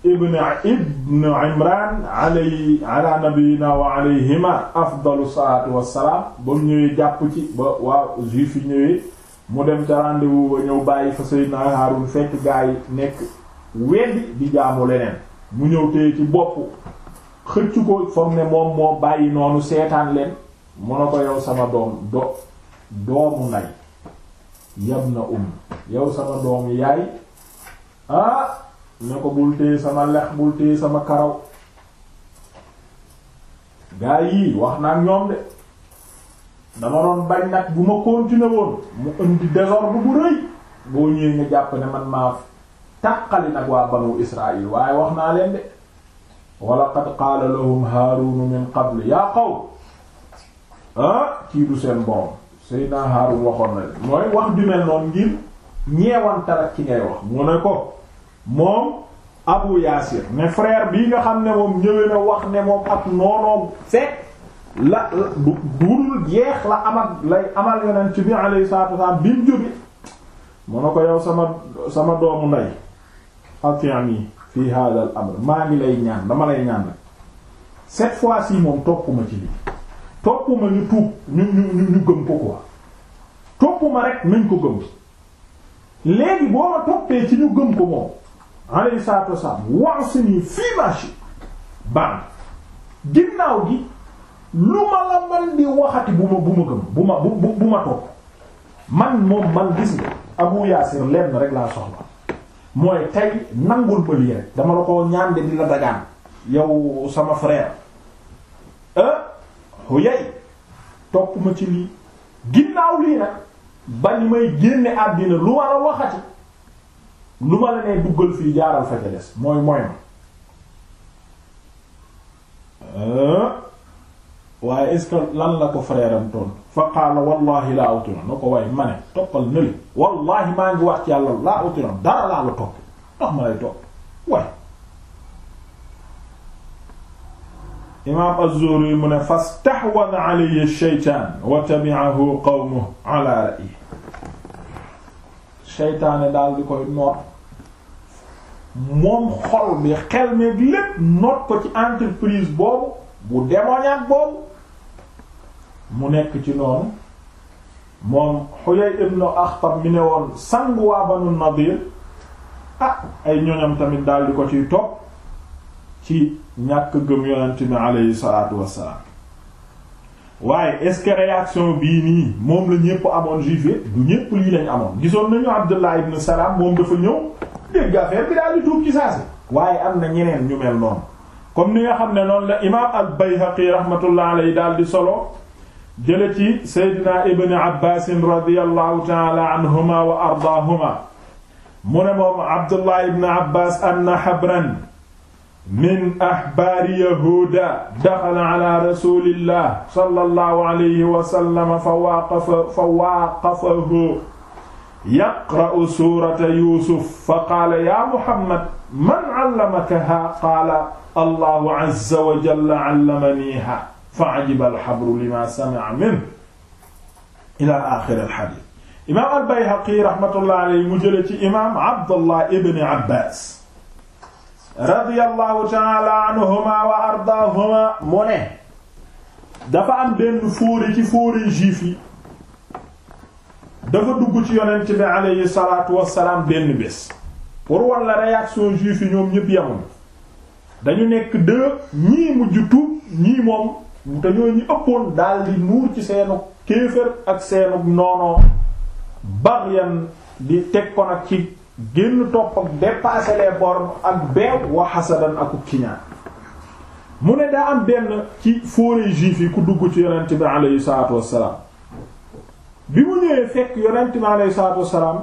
ibn ibn Imran alay ala nabiyina wa alayhima afdalu salaatu wassalaam ba mu ñëwee jàpp ci ba waa juif yi ñëwee mu dem ca rendez ba ñëw bàyyi fa Seydina Haarun fekk gaa yi nekk weddi di jaamu leneen mu ñëw téye ci bopp xëcc ko foog ne moom moo bàyyi noonu seetaan leen mu ne ko yow sama doom do doomu nay yab na um yow sama doom yaay ah ne ko bul téye sama lex bul téye sama karaw gaa yii wax naa ñoom de dama doon bañ nag bu ma continuer woon mu indi désordre bu rëy boo ñëwee nga jàpp ne man maa tàqali nag waa banu Israil waaye wax naa leen de wa laqad qaala lahum haarunu min qabl yaa qawm ah kii du seen borom Seydina Haarun waxoon na leen mooy wax ju mel noonu ngir ñeewantal ak ki ngay wax mu ne ko moom Abu Yaasir ne frère bii nga xam ne moom ñëwee na wax ne moom ak noonoom fekk la du dul jeex la amal lay amal yonent bi alayhi salaatu wasallam bi mu jóge mu ne ko yow sama sama doomu ndey atiami fi hada al amr maa ngi lay ñaan dama lay ñaan rek cette fois yi moom topp ci lii topp ñu tuub ñu ñu ñu gëm ko quoi topp ma rek nañ ko gëm léegi boo ma toppee ci ñu gëm ko moom alayhi salaatu wasalaam wa'sini fii maa shi ginnaaw gi lu ma la man di waxati bu ma bu ma gëm bu ma bu bu ma topp man moom man gis nga Abu Yaasir lenn rek laa soxla mooy tey nangul ma lii rek dama la ko ñaan de di la dagaan yow sama frère. Huyay topp ma ci lii ginnaaw lii nag ba ni may génne àddina lu ma la waxati lu ma la nee fii jaaral fa des mooy mooy ma waaye est lan la ko frère am toon fa qaala wallahi laa utuna na ko waaye ma toppal nële wallahi maa ngi wax ci yàlla laa utuna dara laa la topp ndax ma lay topp waaye imaam az-Zuhri mu ne fastahwadha alayhi ash-shaytaan wa tabi'ahu qawmuhu ala ra'yihi seytaane daal di koy noot moom xol bi xel mi lépp noot ko ci entreprise boobu bu démoniaque boobu mu nekk ci noonu moom Huyay ibn Akhtab mi ne woon sangu waa Banu Nadir ah ay ñoñam tamit daal di ko ciy topp ci ñàkk gëm yonent bi aleyhi salaatu wassalaam waaye est-ce que bii nii moom la ñépp amoon juif du ñépp lii lañ amoon gisoon nañu Abdullah ibn Salam moom dafa ñëw dégg affaire bi daal tuub ci saasi waaye am na ñeneen ñu mel noonu comme ni nga xam ne noonu la imaam al-Bayhaqi rahmatullah alayhi di solo jële ci Seydina Ibn Abbas radiyallahu ta'ala anhuma wa ardaahuma mu ne moom Abdullah ibn Abbas anna habran min ahbaari yahuuda daxala ala rasulillah sallallahu alayhi wa sallam fa waaqafa fa waaqafahu yaqra'u suurata yuusuf fa qaala yaa muhammad man allamakahaa qaala allahu azza wa jalla allamaniihaa fa ajiba alxabru limaa sami'a minhu ilaa aaxiri alxadiis imaam albayhaqi rahmatullahi alayhi mu jële ci imaam abdullah ibn abbaas radiyallahu taala anhuma wa ardaahuma mu ne dafa am benn fóori ci fóori juif yi dafa dugg ci yonent bi aleyhi salaatu wassalaam benn bés pour wan la juif yi ñoom ñëpp yemoon dañu nekk deux ñii mujj tuub ñii moom te ñooñu ëppoon daldi nuur ci seenu kéefër ak seenu noonoo baryan di teg ko nag ci génn topp ak dépasser les bornes ak beew wa hasadan ak mu ne daa am benn ci fóoree juif yi ku dugg ci yonent bi alayhi salaatu wassalaam bi mu ñëwee fekk yonent bi alayhi salaatu wassalaam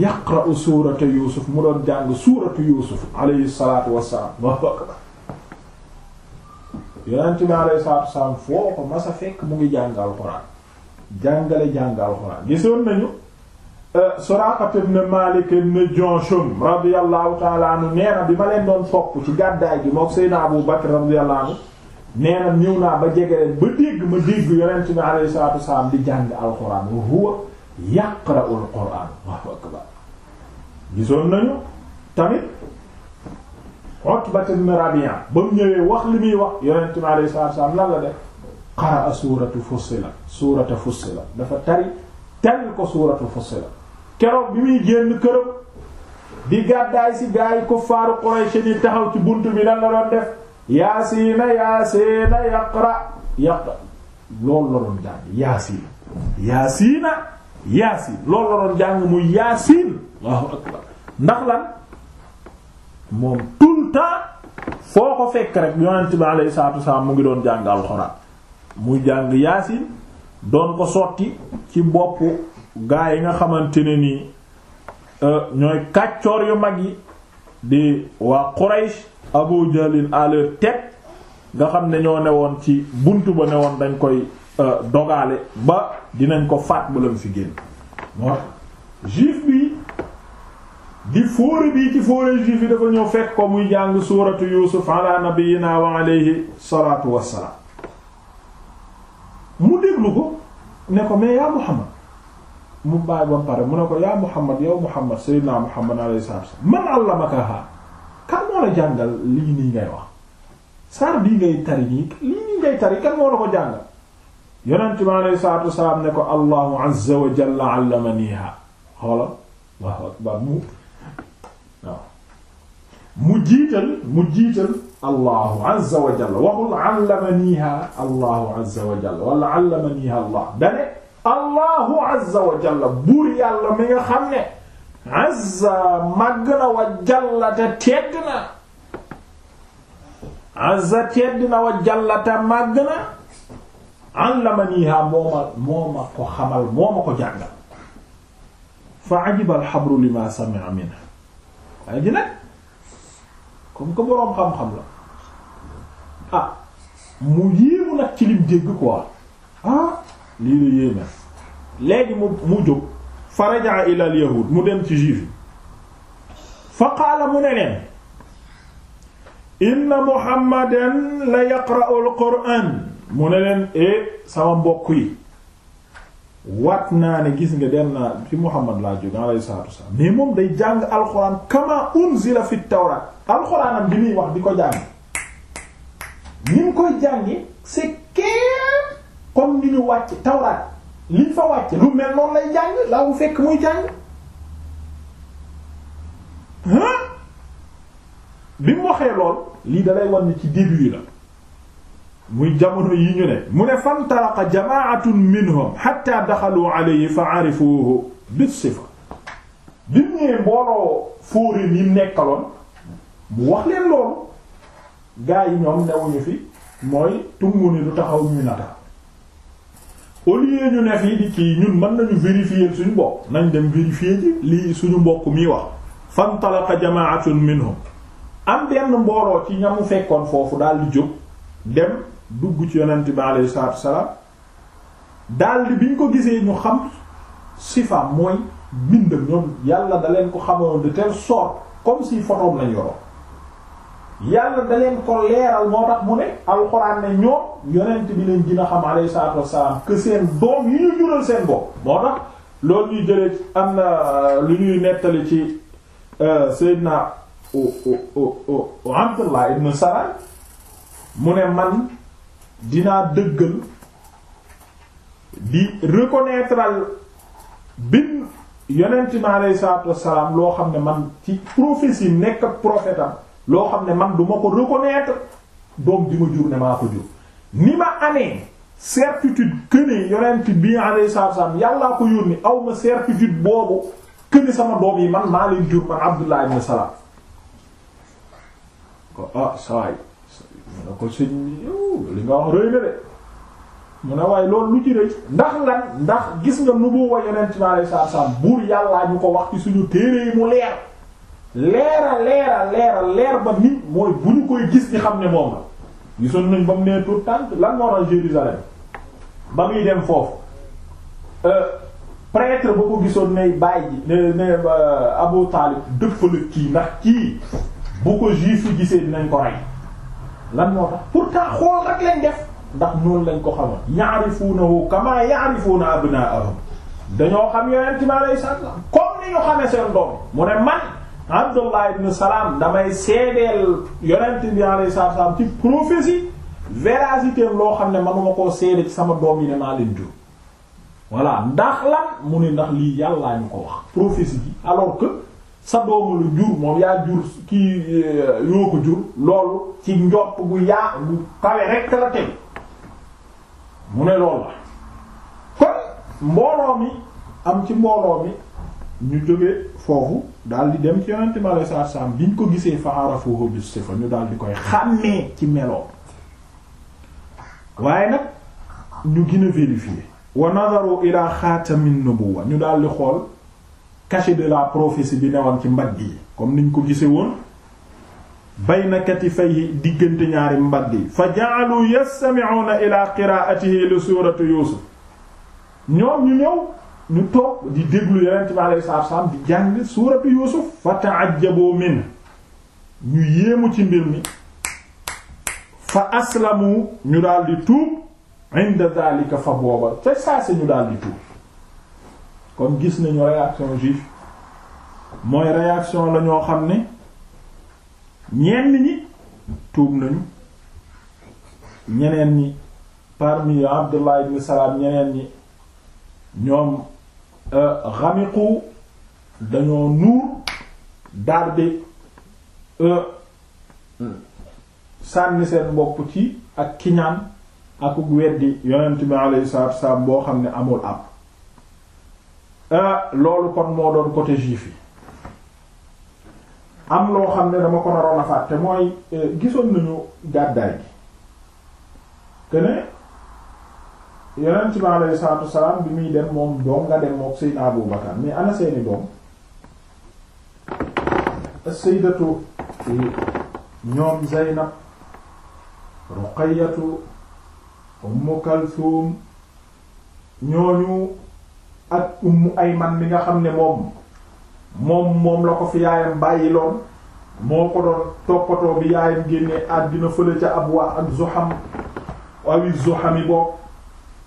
yaqra'u suurata yuusuf mu doon jàng suuratu yuusuf alayhi salaatu wassalaam yonent bi salaatu wassalaam foo ko mas fekk mu ngi jàng alxuraan jàngale jàng alxuraan gisoon nañu Euh, Suraaqa ibn Maalik ibn Junshum radiyallahu ta'ala anhu bi ma leen doon topp ci gàddaay gi mook Seydina Abu Bakr radiyallahu anhu nee ñëw naa ba jege leen ba dégg ma dégg Yonent bi salaam di jàng alquran wa huwa yaqra'ul quran Allahu akbar gisoon nañu tamit Utba ibn Rabi'a ba mu ñëwee wax li muy wax Yonent bi alayhi salaam lan la def qara'a suuratu Fussilat suurata Fussilat dafa tari tari ko suuratu Fussilat keroog bi muy génn këram di gàddaay si gaa yi kuffaaru Quraysh ni taxaw ci bunt bi lan la doon def yaasiina yaasiina yaqra yaqra loolu la doon jàng yaasiin loolu la doon jàng mu yaasiin Allahu akbar ndax lan moom tout le temps foo ko fekk rek yonent bi alayhi salaatu wassalaam mu ngi doon jàng alxuraan muy jàng yaasiin doon ko sotti ci boppu gaa yi nga xamante ne nii euh, ñooy kàccoor yu mag yi di waa Quraysh Abu Jahl à leur nga xam ne ñoo newoon ci bunt ba newoon dañ koy euh, dogaale ba dinañ ko faat ba lam fi génn juif bi di fóore bii ci fóore juif yi dafa ñëw fekk ko muy jàng suuratu Yuusuf ala nabiyyina wa alayhi salaatu wassalaam mu déglu ko ne ko mais yaa Muhammad mu bàyyi ba pare mu ne ko yaa Muhammad yow Muhammad sayyidina Muhammad alayhi salaatu wasallam man allamakaha kan moo la jàngal lii nii ngay wax saar bii ngay tari nii lii nii ngay tari kan moo la ko jàngal yonent bi alayhi salaatu wasallam ne ko Allahu azza wa jalla allamaniha xoola Allahu akbar mu waaw mu jiital mu jiital Allahu azza wa jalla waxul allamaniha Allahu azza wa jalla wala allamaniha Allah dane allahu azza wa jalla buur yàlla mi nga xam ne azza màgg na wa jalla te tedd na azza tedd na wa jalla te màgg na allamaniha moo ma moo ma ko xamal moo ma ko jàngal fa ajiba alxabru lima sami'a minha waaye di nag comme que boroom xam-xam la ah mu yéemu nag ci lim dégg quoi ah léegi mu mu jóg fa rajaa ila al mu dem ci juif yi fa qaala mu ne leen inna muhammadan la yaqra'u al qur'an mu ne leen e sama mbokk yi wat naa ne gis nga dem naa ci muhammad laa jóg alayhi moom day jàng alxuraan kama unzila fi tawraat alxuraanam bi muy wax di ko jàng ni mu koy jàngi c'est kéem comme ni ñu wàcc tawraat liñ fa wàcc lu mel noonu lay jàng laa bu fekk muy jàng bi mu waxee lool lii dalay wan ni ci début yi la muy jamono yi ñu ne mu ne fantalaqa jamaatun minhum hatta daxalu alayhi fa arifuhu bis sifa bi mu mbooloo fóorin yi nekkaloon mu wax leen loolu gaa yi ñoom newuñu fi mooy tungu ni du taxaw ñuy nataal au lieu ñu neef yi di kii ñun mën nañu vérifier suñu bopp nañ dem vérifier ji lii suñu mbokk mi wax fantalaqa jamaatun minhum am benn mbooloo ci ñamu fekkoon foofu daal di jóg dem dugg ci yonent bi alayhi salaatu wassalaam daal bi ñu ko gisee ñu xam sifa mooy bindam ñoom yàlla da leen ko xamoon de telle sorte comme si photom lañ yoroon yàlla da leen ko leeral moo tax mu ne alxuraan ne ñoom yonent bi leen dina xam alayhi salaatu wassalaam que seen doom yi ñu jural seen bopp moo tax loolu ñuy jëlee am na lu ñuy nettali ci euh, Seydina Abdullah ibn Salam mu ne man dinaa dëggal di reconnaître bin yonent bi alayhi salaatu loo xam ne man ci prophétie nekk ak prophète loo xam ne man du ma ko reconnaître doom di jur ne maa ko jur ni ma amee certitude këne yonent bi alayhi salaatu salaam yàllaa ko yónni aw ma certitude boobu këne sama doom yi man maa leen jur man Abdullah ibn Salam ko ah saay mu ne ko sëñ li nga wax rëy na de mu ne waaye loolu lu ci ndax lan ndax gis nga nubuwa yonent bi alayhi salaatu wa salaam buur yàllaa ñu ko wax suñu téere yi mu leer leera leera leera leer ba mi mooy bu ñu koy gis di xam ne moom la gisoon nañ ba mu nee tout tànk lan moo tax Jérusalem ba muy dem foofu euh, prêtre ba ko gisoon ne bàyyi ne ne euh, Abu Talib dëppale kii ndax kii bu ko juif yi gisee dinañ ko rey lan moo tax pourtant xool rek lañ def ndax noonu lañ ko xamoon ya'rifunahu kama ya'rifuna abna'ahum dañoo xam yonent mi alayhi salaam comme ni ñu xamee seen doom mu ne man Abdullah ibn Salam damay seedeel yonent bi alayhi salaatu salaam ci prophétie véracité loo xam ne manuma koo seede ci sama doom yi ne maa leen jur voilà ndax lan mu ne ndax lii yàllaa ñu ko wax prophétie bi alors que sa doomu lu jur moom yaa jur kii euh, yoo ko jur loolu ci njott bu yaa bu kawe rek la tegu mu ne loolu la kon mbooloo mi am ci mbooloo mi ñu jóge foofu daal di dem ci yonente mi alei satu salaam biñ ko gisee fa arafuhu bis sifa ñu daal di koy xàmmee ci meloo waaye nag ñu gën a vérifier wa nadaru ila xaatamin nubuwa ñu daal di xool cachet de la prophétie bi newoon ci mbagg yi comme niñ ko gisee woon bayna katifayhi diggante ñaari mbagg yi fa ja'alu yastami'una ila qira'atihi li surati yusuf ñoom ñu ñëw ñu toog di déglu yonent bi alayhi salaatu salaam di jàng suuratu Yuusuf fa ta'ajjaboo min ñu yéemu ci mbir mi fa aslamu ñu daal di tuub inda daalika fa booba ca saa si ñu daal tuub kon gis nañu réaction juif mooy réaction la ñoo xam ne ñenn ñi tuub nañu ñeneen ñi parmi Abdullah ibn Salam ñeneen ñi ñoom xamiqu euh, dañoo nuur daldi euh, sànni seen bopp ci ak kiñaan akuk weddi yonent bi alayhi salaatu wasalaam boo xam ne amul àpp euh, loolu kon moo doon côté juif yi am loo xam ne dama ko naroon a fàtte mooy gisoon nañu gàddaay gi que yonent bi alayhi salaatu wasalaam bi muy dem moom doom nga dem mook Seydina Abu Bakar mais ana seeni doom Sayyidatu ñoom Zeynab Ruqayyatu Ummu Kalthum ñooñu ak Ummu Ayman mi nga xam ne moom moom moom la ko fi yaayam bàyyiloon moo ko toppatoo bi yaayam génnee àddina fële ca Abwa ak Zuham awi Zuhami bokk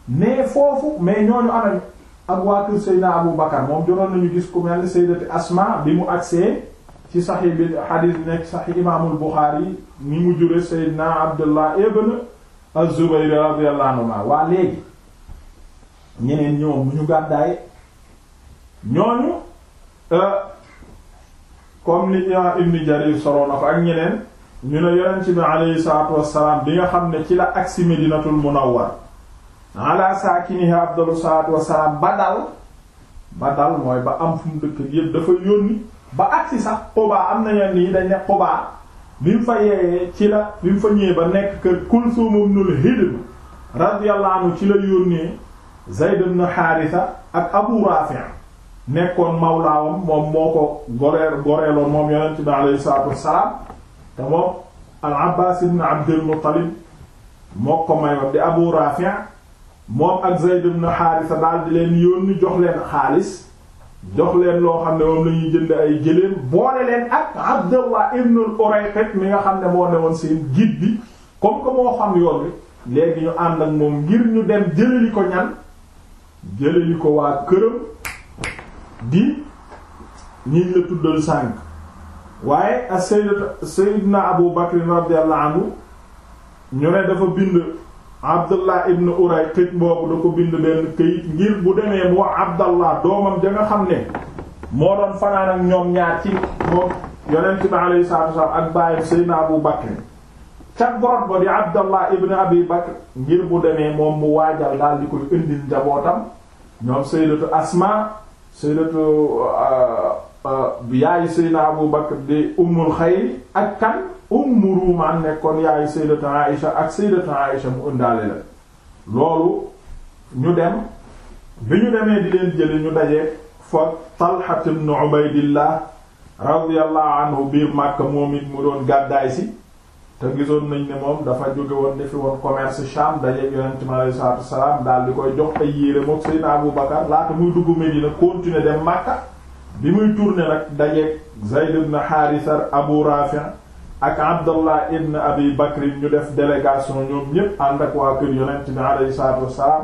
mais foofu mais ñooñu anañu ak waa kër Seydina Abu Bakar moom jonoon nañu gis ku mel Sayyidati Asma bi mu agsee ci saxiix bi xadiis nekk saxiix imaamul Buxaari ni mu jure Seydina Abdullah ibn Az-Zubayr waa léegi ñeneen ñoom mu ñu gàddaay ñooñu euh, comme ni Ibn Jarir soloo ak ñeneen ñu ne yonent bi alayhi salaatu wassalaam bi nga xam ne ci la agsi Madinatul Munawwar ala saakinihi afdalu salaatu wassalaam ba dal ba dal mooy ba am fu mu dëkk yëpp dafa yónni ba agsi sax Quba am na ñenn yi dañ ne Quba bi fa yeeyee ci la bi fa ñëwee ba nekk kër Kulsum ibnul Hidm radiyallahu anhu ci la yónnee Zayd ibn Haarisa ak Abu Rafi' nekkoon mawlaawam moom moo ko goreer goreeloon moom yonent bi alayhi salaatu wassalaam te moom al Abbaas ibn Muttalib moo mayoon di Abu Rafi' moom ak Zayd na Haarisa daal di leen yónni jox leen xaalis jox leen loo xam ne moom la ñuy jënd ay jëléem boole leen ak Abdallah ibn al-Urayqit mi nga xam ne moo ne woon seen guide bi comme que moo xam yoon wi léegi ñu ànd ak moom ngir ñu dem jëlali ko ñan jëlali ko waa këram di ñiñ la tuddal sànq waaye ak Sayyidna Abu Bakr radiyallahu anhu ñu ne dafa bind abdullah ibn uray xit boobu da ko bind benn këyit ngir bu demee mu wax abdallah doomam ja nga xam ne moo doon fanaan ak ñoom ñaar ci moom yonent bi alayhi salaatu wasallam ak bàyyam seydna abu bakr ca gorot ba di abdallah ibn abi bakr ngir bu demee moom mu waajal daal di koy indil njabootam ñoom sayyidatu asma sayyidatu euh, euh, yaayu seydna abu bakr di ummul xayri ak kan ummu ruumaan nekkoon yaayu sayyidatu Aïsha ak sayyidatu Aïsha mu ëndaale la loolu ñu dem bi ñu demee di leen jëli ñu daje fa Talha ibn Ubaydillah radiyallahu anhu biir Makka moom it mu doon gàddaay si te gisoon nañ ne moom dafa jóge woon defi woon commerce Sham daje yonent mi alayhi salaatu wassalaam daal di koy jox ay yére moom Seydina Abu Bakar laata muy dugg Medina continuer dem Makka bi muy tourner nag dajeeg Zayd ibn Haarisa Abu Rafi' ak abdallah ibn abi bakrin ñu def délégation ñoom ñépp ànd ak waa kër yonent bi alayhi salaatu wassalaam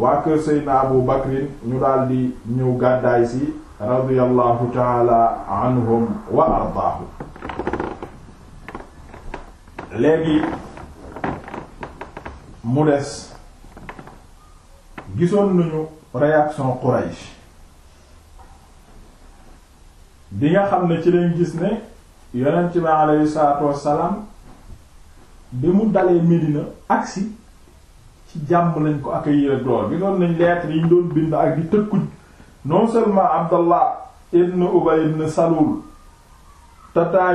waa kër seydna abu bakrin ñu daldi ñëw gàddaay si radiyallahu taala anhum wa ardaahum léegi mu des gisoon nañu réaction Quraysh bi nga xam ne ci lañ gis ne yonent bi aleyhi salaatu wassalaam bi mu dalee Medina agsi ci jàmm lañ ko accueillir ak door bi noonu nañ lettre yi ñu doon bind ak di tëkkuñ non seulement Abdallah ibn Ubay ibn Salul te taa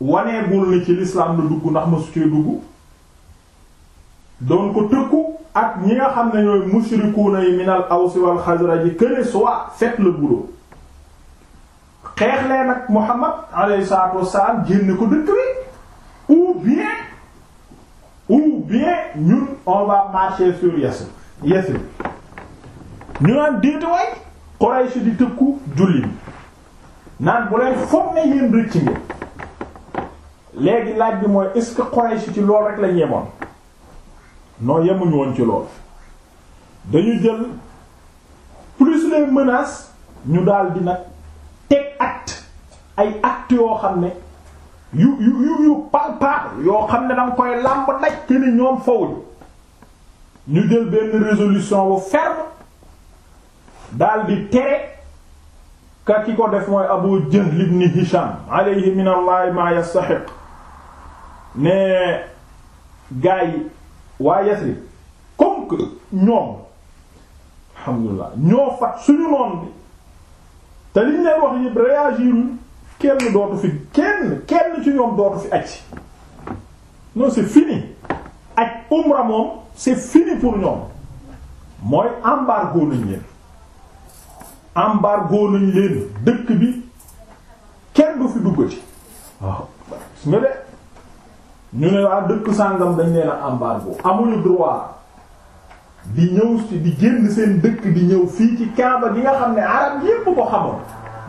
waneegul ni ci lislaam la dugg ndax ma su cee dugg doon ko tëkku ak ñi nga xam ne ñooy mushrikuuna yi minal Aws wal Xasraj yi këne soit faites le xeex leen ak Muhammad alayhi salaatu wassalaam génn ko dëkk bi ou bien ou bien ñun on va sur Yasrib Yasrib ñu naan déetuwaay Quraysh di tëkku julli naan bu leen foog ne yéen rëcc ngeen léegi laaj bi mooy est-ce que Quraysh ci lool rek lañ yemoon non yemuñu woon ci lool dañu jël plus les menaces ñu daal di nag teg at ay acte yoo xam ne yu yu yu yu palpable yoo xam ne danga koy làmb daj ke ni ñoom fawuñu ñu jël benn résolution bu ferme daal di tere ka ki ko def mooy Abu Jahl ibn Hisham alayhi min ma yastaxiq ne gars waa Yasrib comme que ñoom alhamdulilah ñoo fat suñu noon te liñ leen wax yëpp réagir kenn dootu fi kenn kenn ci ñoom dootu fi aj non c'est fini ak umra moom c'est fini pour ñoom mooy embargo nañ leen embargo nañ leen dëkk bi kenn du fi duggati waaw su nga de ñu ne waa dëkk sàngam dañ leen a embargo amuñu droit di ñëw ci di génn seen dëkk di ñëw fii ci Kaaba gi nga xam ne arab yépp ko xamoon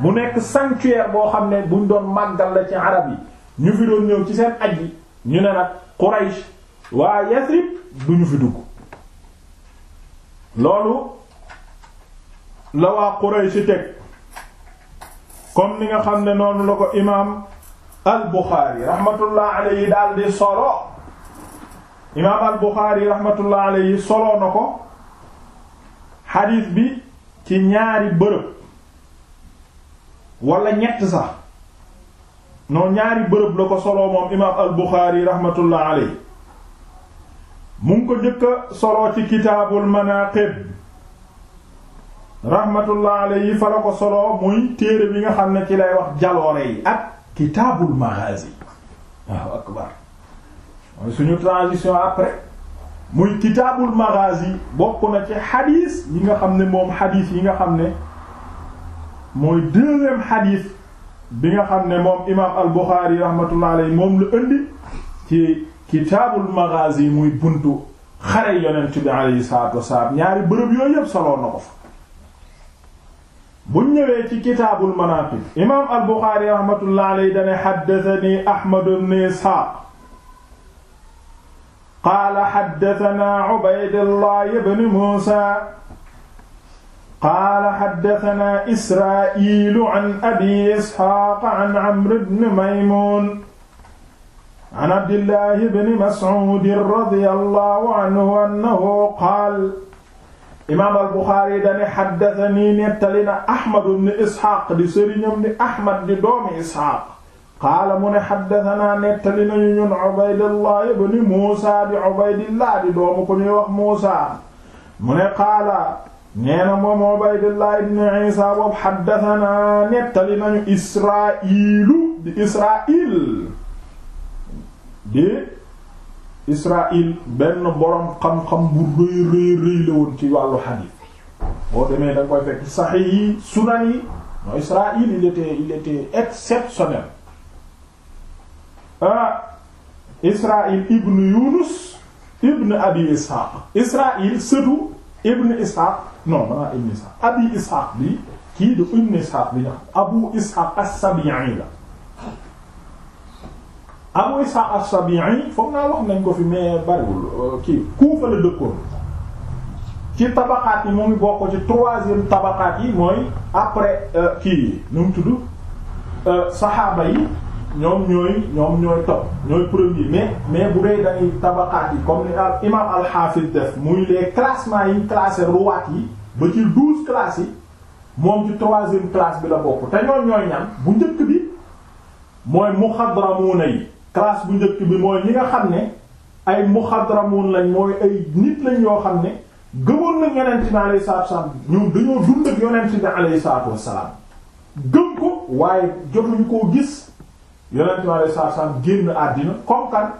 mu nekk sanctuaire boo xam ne buñ doon màggal la ci arab yi ñu fi doon ñëw ci seen aj yi ñu ne nag Quraysh waa Yasrib duñu fi dugg loolu la waa Quraysh teg comme ni nga xam ne noonu la ko imaam al Buxaari rahmatullah alayhi daal di solo imaam al Buxaari rahmatullah alayhi soloo na ko xadiis bi ci ñaari bërëb wala ñett sax noonu ñaari bërëb la ko soloo moom imaam al Buxaari rahmatullah alayhi mu ko jëkk solo ci kitaabul manaaqib rahmatullah yi fa la ko soloo muy téere bi nga xam ne ci lay wax jaloore yi ak kitaabul maghazi waaw akbar mooy suñu transition après muy kitaabul maghazi bokk na ci xadiis yi nga xam ne moom xadiis yi nga xam ne mooy deuxième xadiis bi nga xam ne moom imaam al Buxaari rahmatullah alayhi moom la indi ci kitaabul maghazi muy buntu xare yonent bi alayhi salaatu wasalaam ñaari bërëb yooyu yëpp soloon na ko fa buñ ñëwee ci kitaabul manaaqib imaam al Buxaari rahmatullah alayhi dane xaddatani Ahmad qaala xaddatanaa cubaydullahi bni muusa qaala xaddatanaa israa'iilu an abi isxaaqa an camri bni maymuun an abdillahi bni mascuudin radiyallahu anhu annahu qaal imaam albuxaari dane xaddatanii nettalina axmadu bni isxaaq di sëriñam di axmad di doomi isxaaq qaala mu ne xaddatanaa nettali nañu ñun ubaydullah ibn muusa di ubaydillah di doomu ku ñuy wax muusa mu ne qaala nee na moom ubaydullah ibn isa boobu xaddatanaa nettali nañu israilu di israil di israil benn boroom xam-xam bu rëy rëy rëy la woon ci wàllu xadiis boo demee da nga koy fekk saxiix yi sunan yi no israil il était il était exceptionnel Israil ibn Yunus ibn Abi Ishaq Israil sëtu ibn Ishaq non manaa ibn Ishaq Abi Ishaq bi kii du ibn Ishaq bi ñu Abu Ishaq as-Sabi'i la Abu Ishaq as-Sabi'i foog naa wax nañ ko fi mais bariwul euh, kii Kufa la dëkkoon ci tabaqaat yi mu ngi bokk ci troisième tabaqaat yi mooy après euh, kii yi nu tudd euh, saxaaba yi ñoom ñooy ñoom ñooy topp ñooy premier mais mais bu dee dañuy tabaqaat yi comme ni al imam al-Hafiz def muy les classements yi classé ruwaat yi ba ci douze classes yi moom ci troisième classe bi la bokk te ñoom ñooy ñan bu njëkk bi mooy muxadramuuna yi classe bu njëkk bi mooy ñi nga xam ne ay muxadramuun lañ mooy ay nit lañ yoo xam ne gëmoon na yonent bi alayhi salaatu wassalaam ñoom dañoo dund ak yonent bi alayhi salaatu wassalaam gëm ko waaye jotuñ koo gis yonent ma saa saam génn àddina comme kan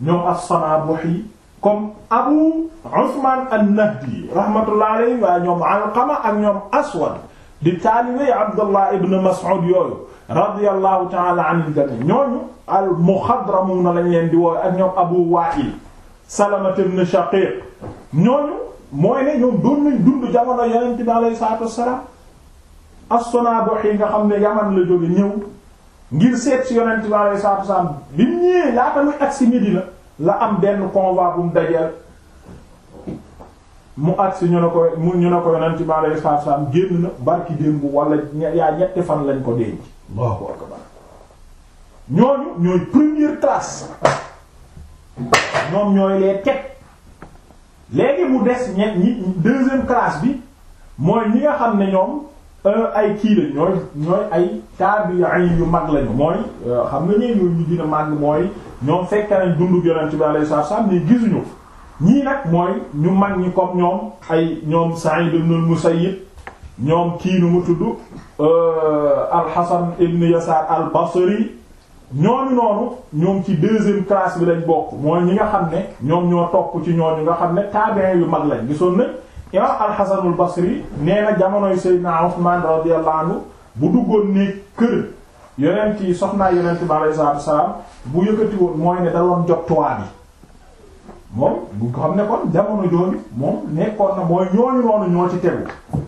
ñoom as-Sanaabuhi comme Abu Usmaan an-Nahdi rahmatullah alayhi waaye ñoom Alqama ak ñoom Aswad di taalibe Abdullah ibn Mas'ud yooyu radiyallahu ta'ala anhu jami ñooñu al-muxadramuuna lañ leen di woowe ak ñoom Abu Waa'il Salama ibn Shaqiq ñooñu mooy ne ñoom doon nañ dund jamono yonent bi alayhi salaatu wassalaam as-Sanaabuhi nga xam ne Yaman la jóge ñëw ngir seet si yonent bi alayhi salaatu wasalaam bi mu ñëwee laata muy agsi Medina la am benn convoi bu mu dajeel mu ñu ne ko mu ñu ne ko yonent bi alayhi salaatu wasalaam génn na barki démb wala yaa ñetti fan lañ ko denc Allahu akbar ñooñu ñooy première classe ñoom ñooy les têtes léegi mu des ñe ñi deuxième classe bi mooy ñi nga xam ne ñoom Euh, ay kii la ñooy ñooy ay taabi'in yu mag lañu mooy euh, xam na ñeen ñu gën a mag mooy ñoom fekk nañ dundu yonent bi alayhi salaatu salaam ni gisuñu ñii nag mooy ñu mag ñi comme ñoom ay ñoom Sa'id ibn al ñoom kii nu mu tudd euh, alxasan hasan ibn Yasar al-Basri ñooñu noonu ñoom bi lañ bokk mooy ñi nga xam ne ñoom ñoo topp ci ñooñu nga xam ne taabi'in yu mag lañ gisoon nañ imaam alxasanul basri nee na jamonoy seydina Usmaan radiyallahu anhu bu duggoon ne kër yonent yi soxnaa yonent bi alayhi salaatu wasalaam bu yëkkati woon mooy ne da doon jot toit bi moom ko xam ne kon jamono jooju moom nekkoon na mooy ñooñu noonu ñoo ci tegu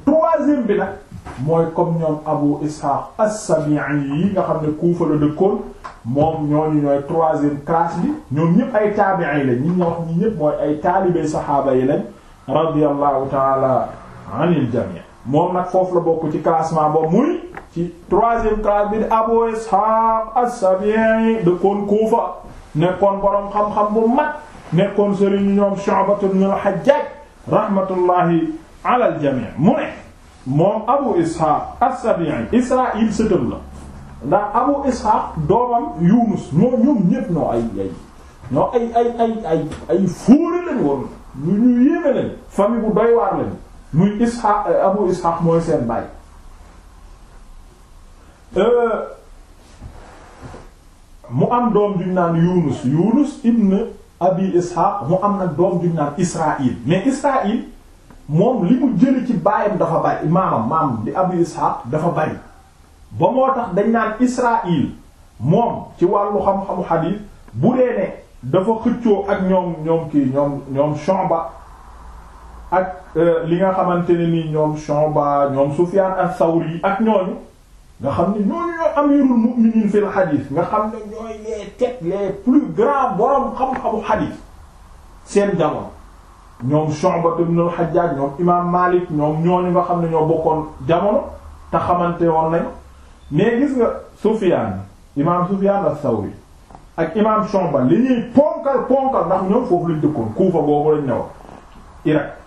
troisième bi nag mooy comme ñoom abu ishaq as-sabi'i yi nga xam ne kuufa la dëkkoon moom ñooñu ñooy troisième classe bi ñoom ñëpp ay taabi'i lañ ñi nga wax ñi ñëpp mooy ay taalibey saxaaba yi lañ radiyallahu taala anil jami moom nag foofu la bokk ci classement ba muy ci troisième classe bi di Abu Ishaq as-Sabi'i dëkkoon Kufa nekkoon boroom xam-xam bu mag nekkoon sëriñ ñoom Shu'batu ibn al-Hajjaj rahmatullahi ala al-jami mu ne moom Abu Ishaq as-Sabi'i Israa'il sëtam la ndax Abu Ishaq doomam Yunus ñoo ñoom ñépp ñoo ay ay ñoo ay ay ay ay ay fóori lañ woon lu ñu yéeme lañ famille bu doy waar lañ muy Ishaq euh, Abu Ishaq mooy seen baay euh, mu am doom juñ naan Yunus Yunus ibn Abi Ishaq mu am nag doom juñ naan Israil mais Israil moom li mu jëli ci baayam dafa bari maamam maam di Abi Ishaq dafa bari ba moo tax dañ naan Israil moom ci wàllu xam-xamu xadiis bu dee ne dafa xëccoo ak ñoom ñoom kii ñoom ñoom Shu'ba ak euh, li nga xamante ne ni ñoom Shu'ba ñoom Sufyan as-Sawri ak ñooñu nga xam ne ñooñu ñooy amirul mu'minin fil hadith nga xam ne ñooy les têtes les plus grands borom xam-xamu hadith seen jamono ñoom Shu'ba ibn al-Hajjaj ñoom imam Malik ñoom ñooñu nga xam ne ñoo bokkoon jamono te xamante woon nañ mais gis nga Sufyan imam Sufyan as-Sawri ak imam Shomba li ñuy ponkal ponkal ndax ñoom foofu lañ dëkkoon Kuufa googu lañ ne wax Irak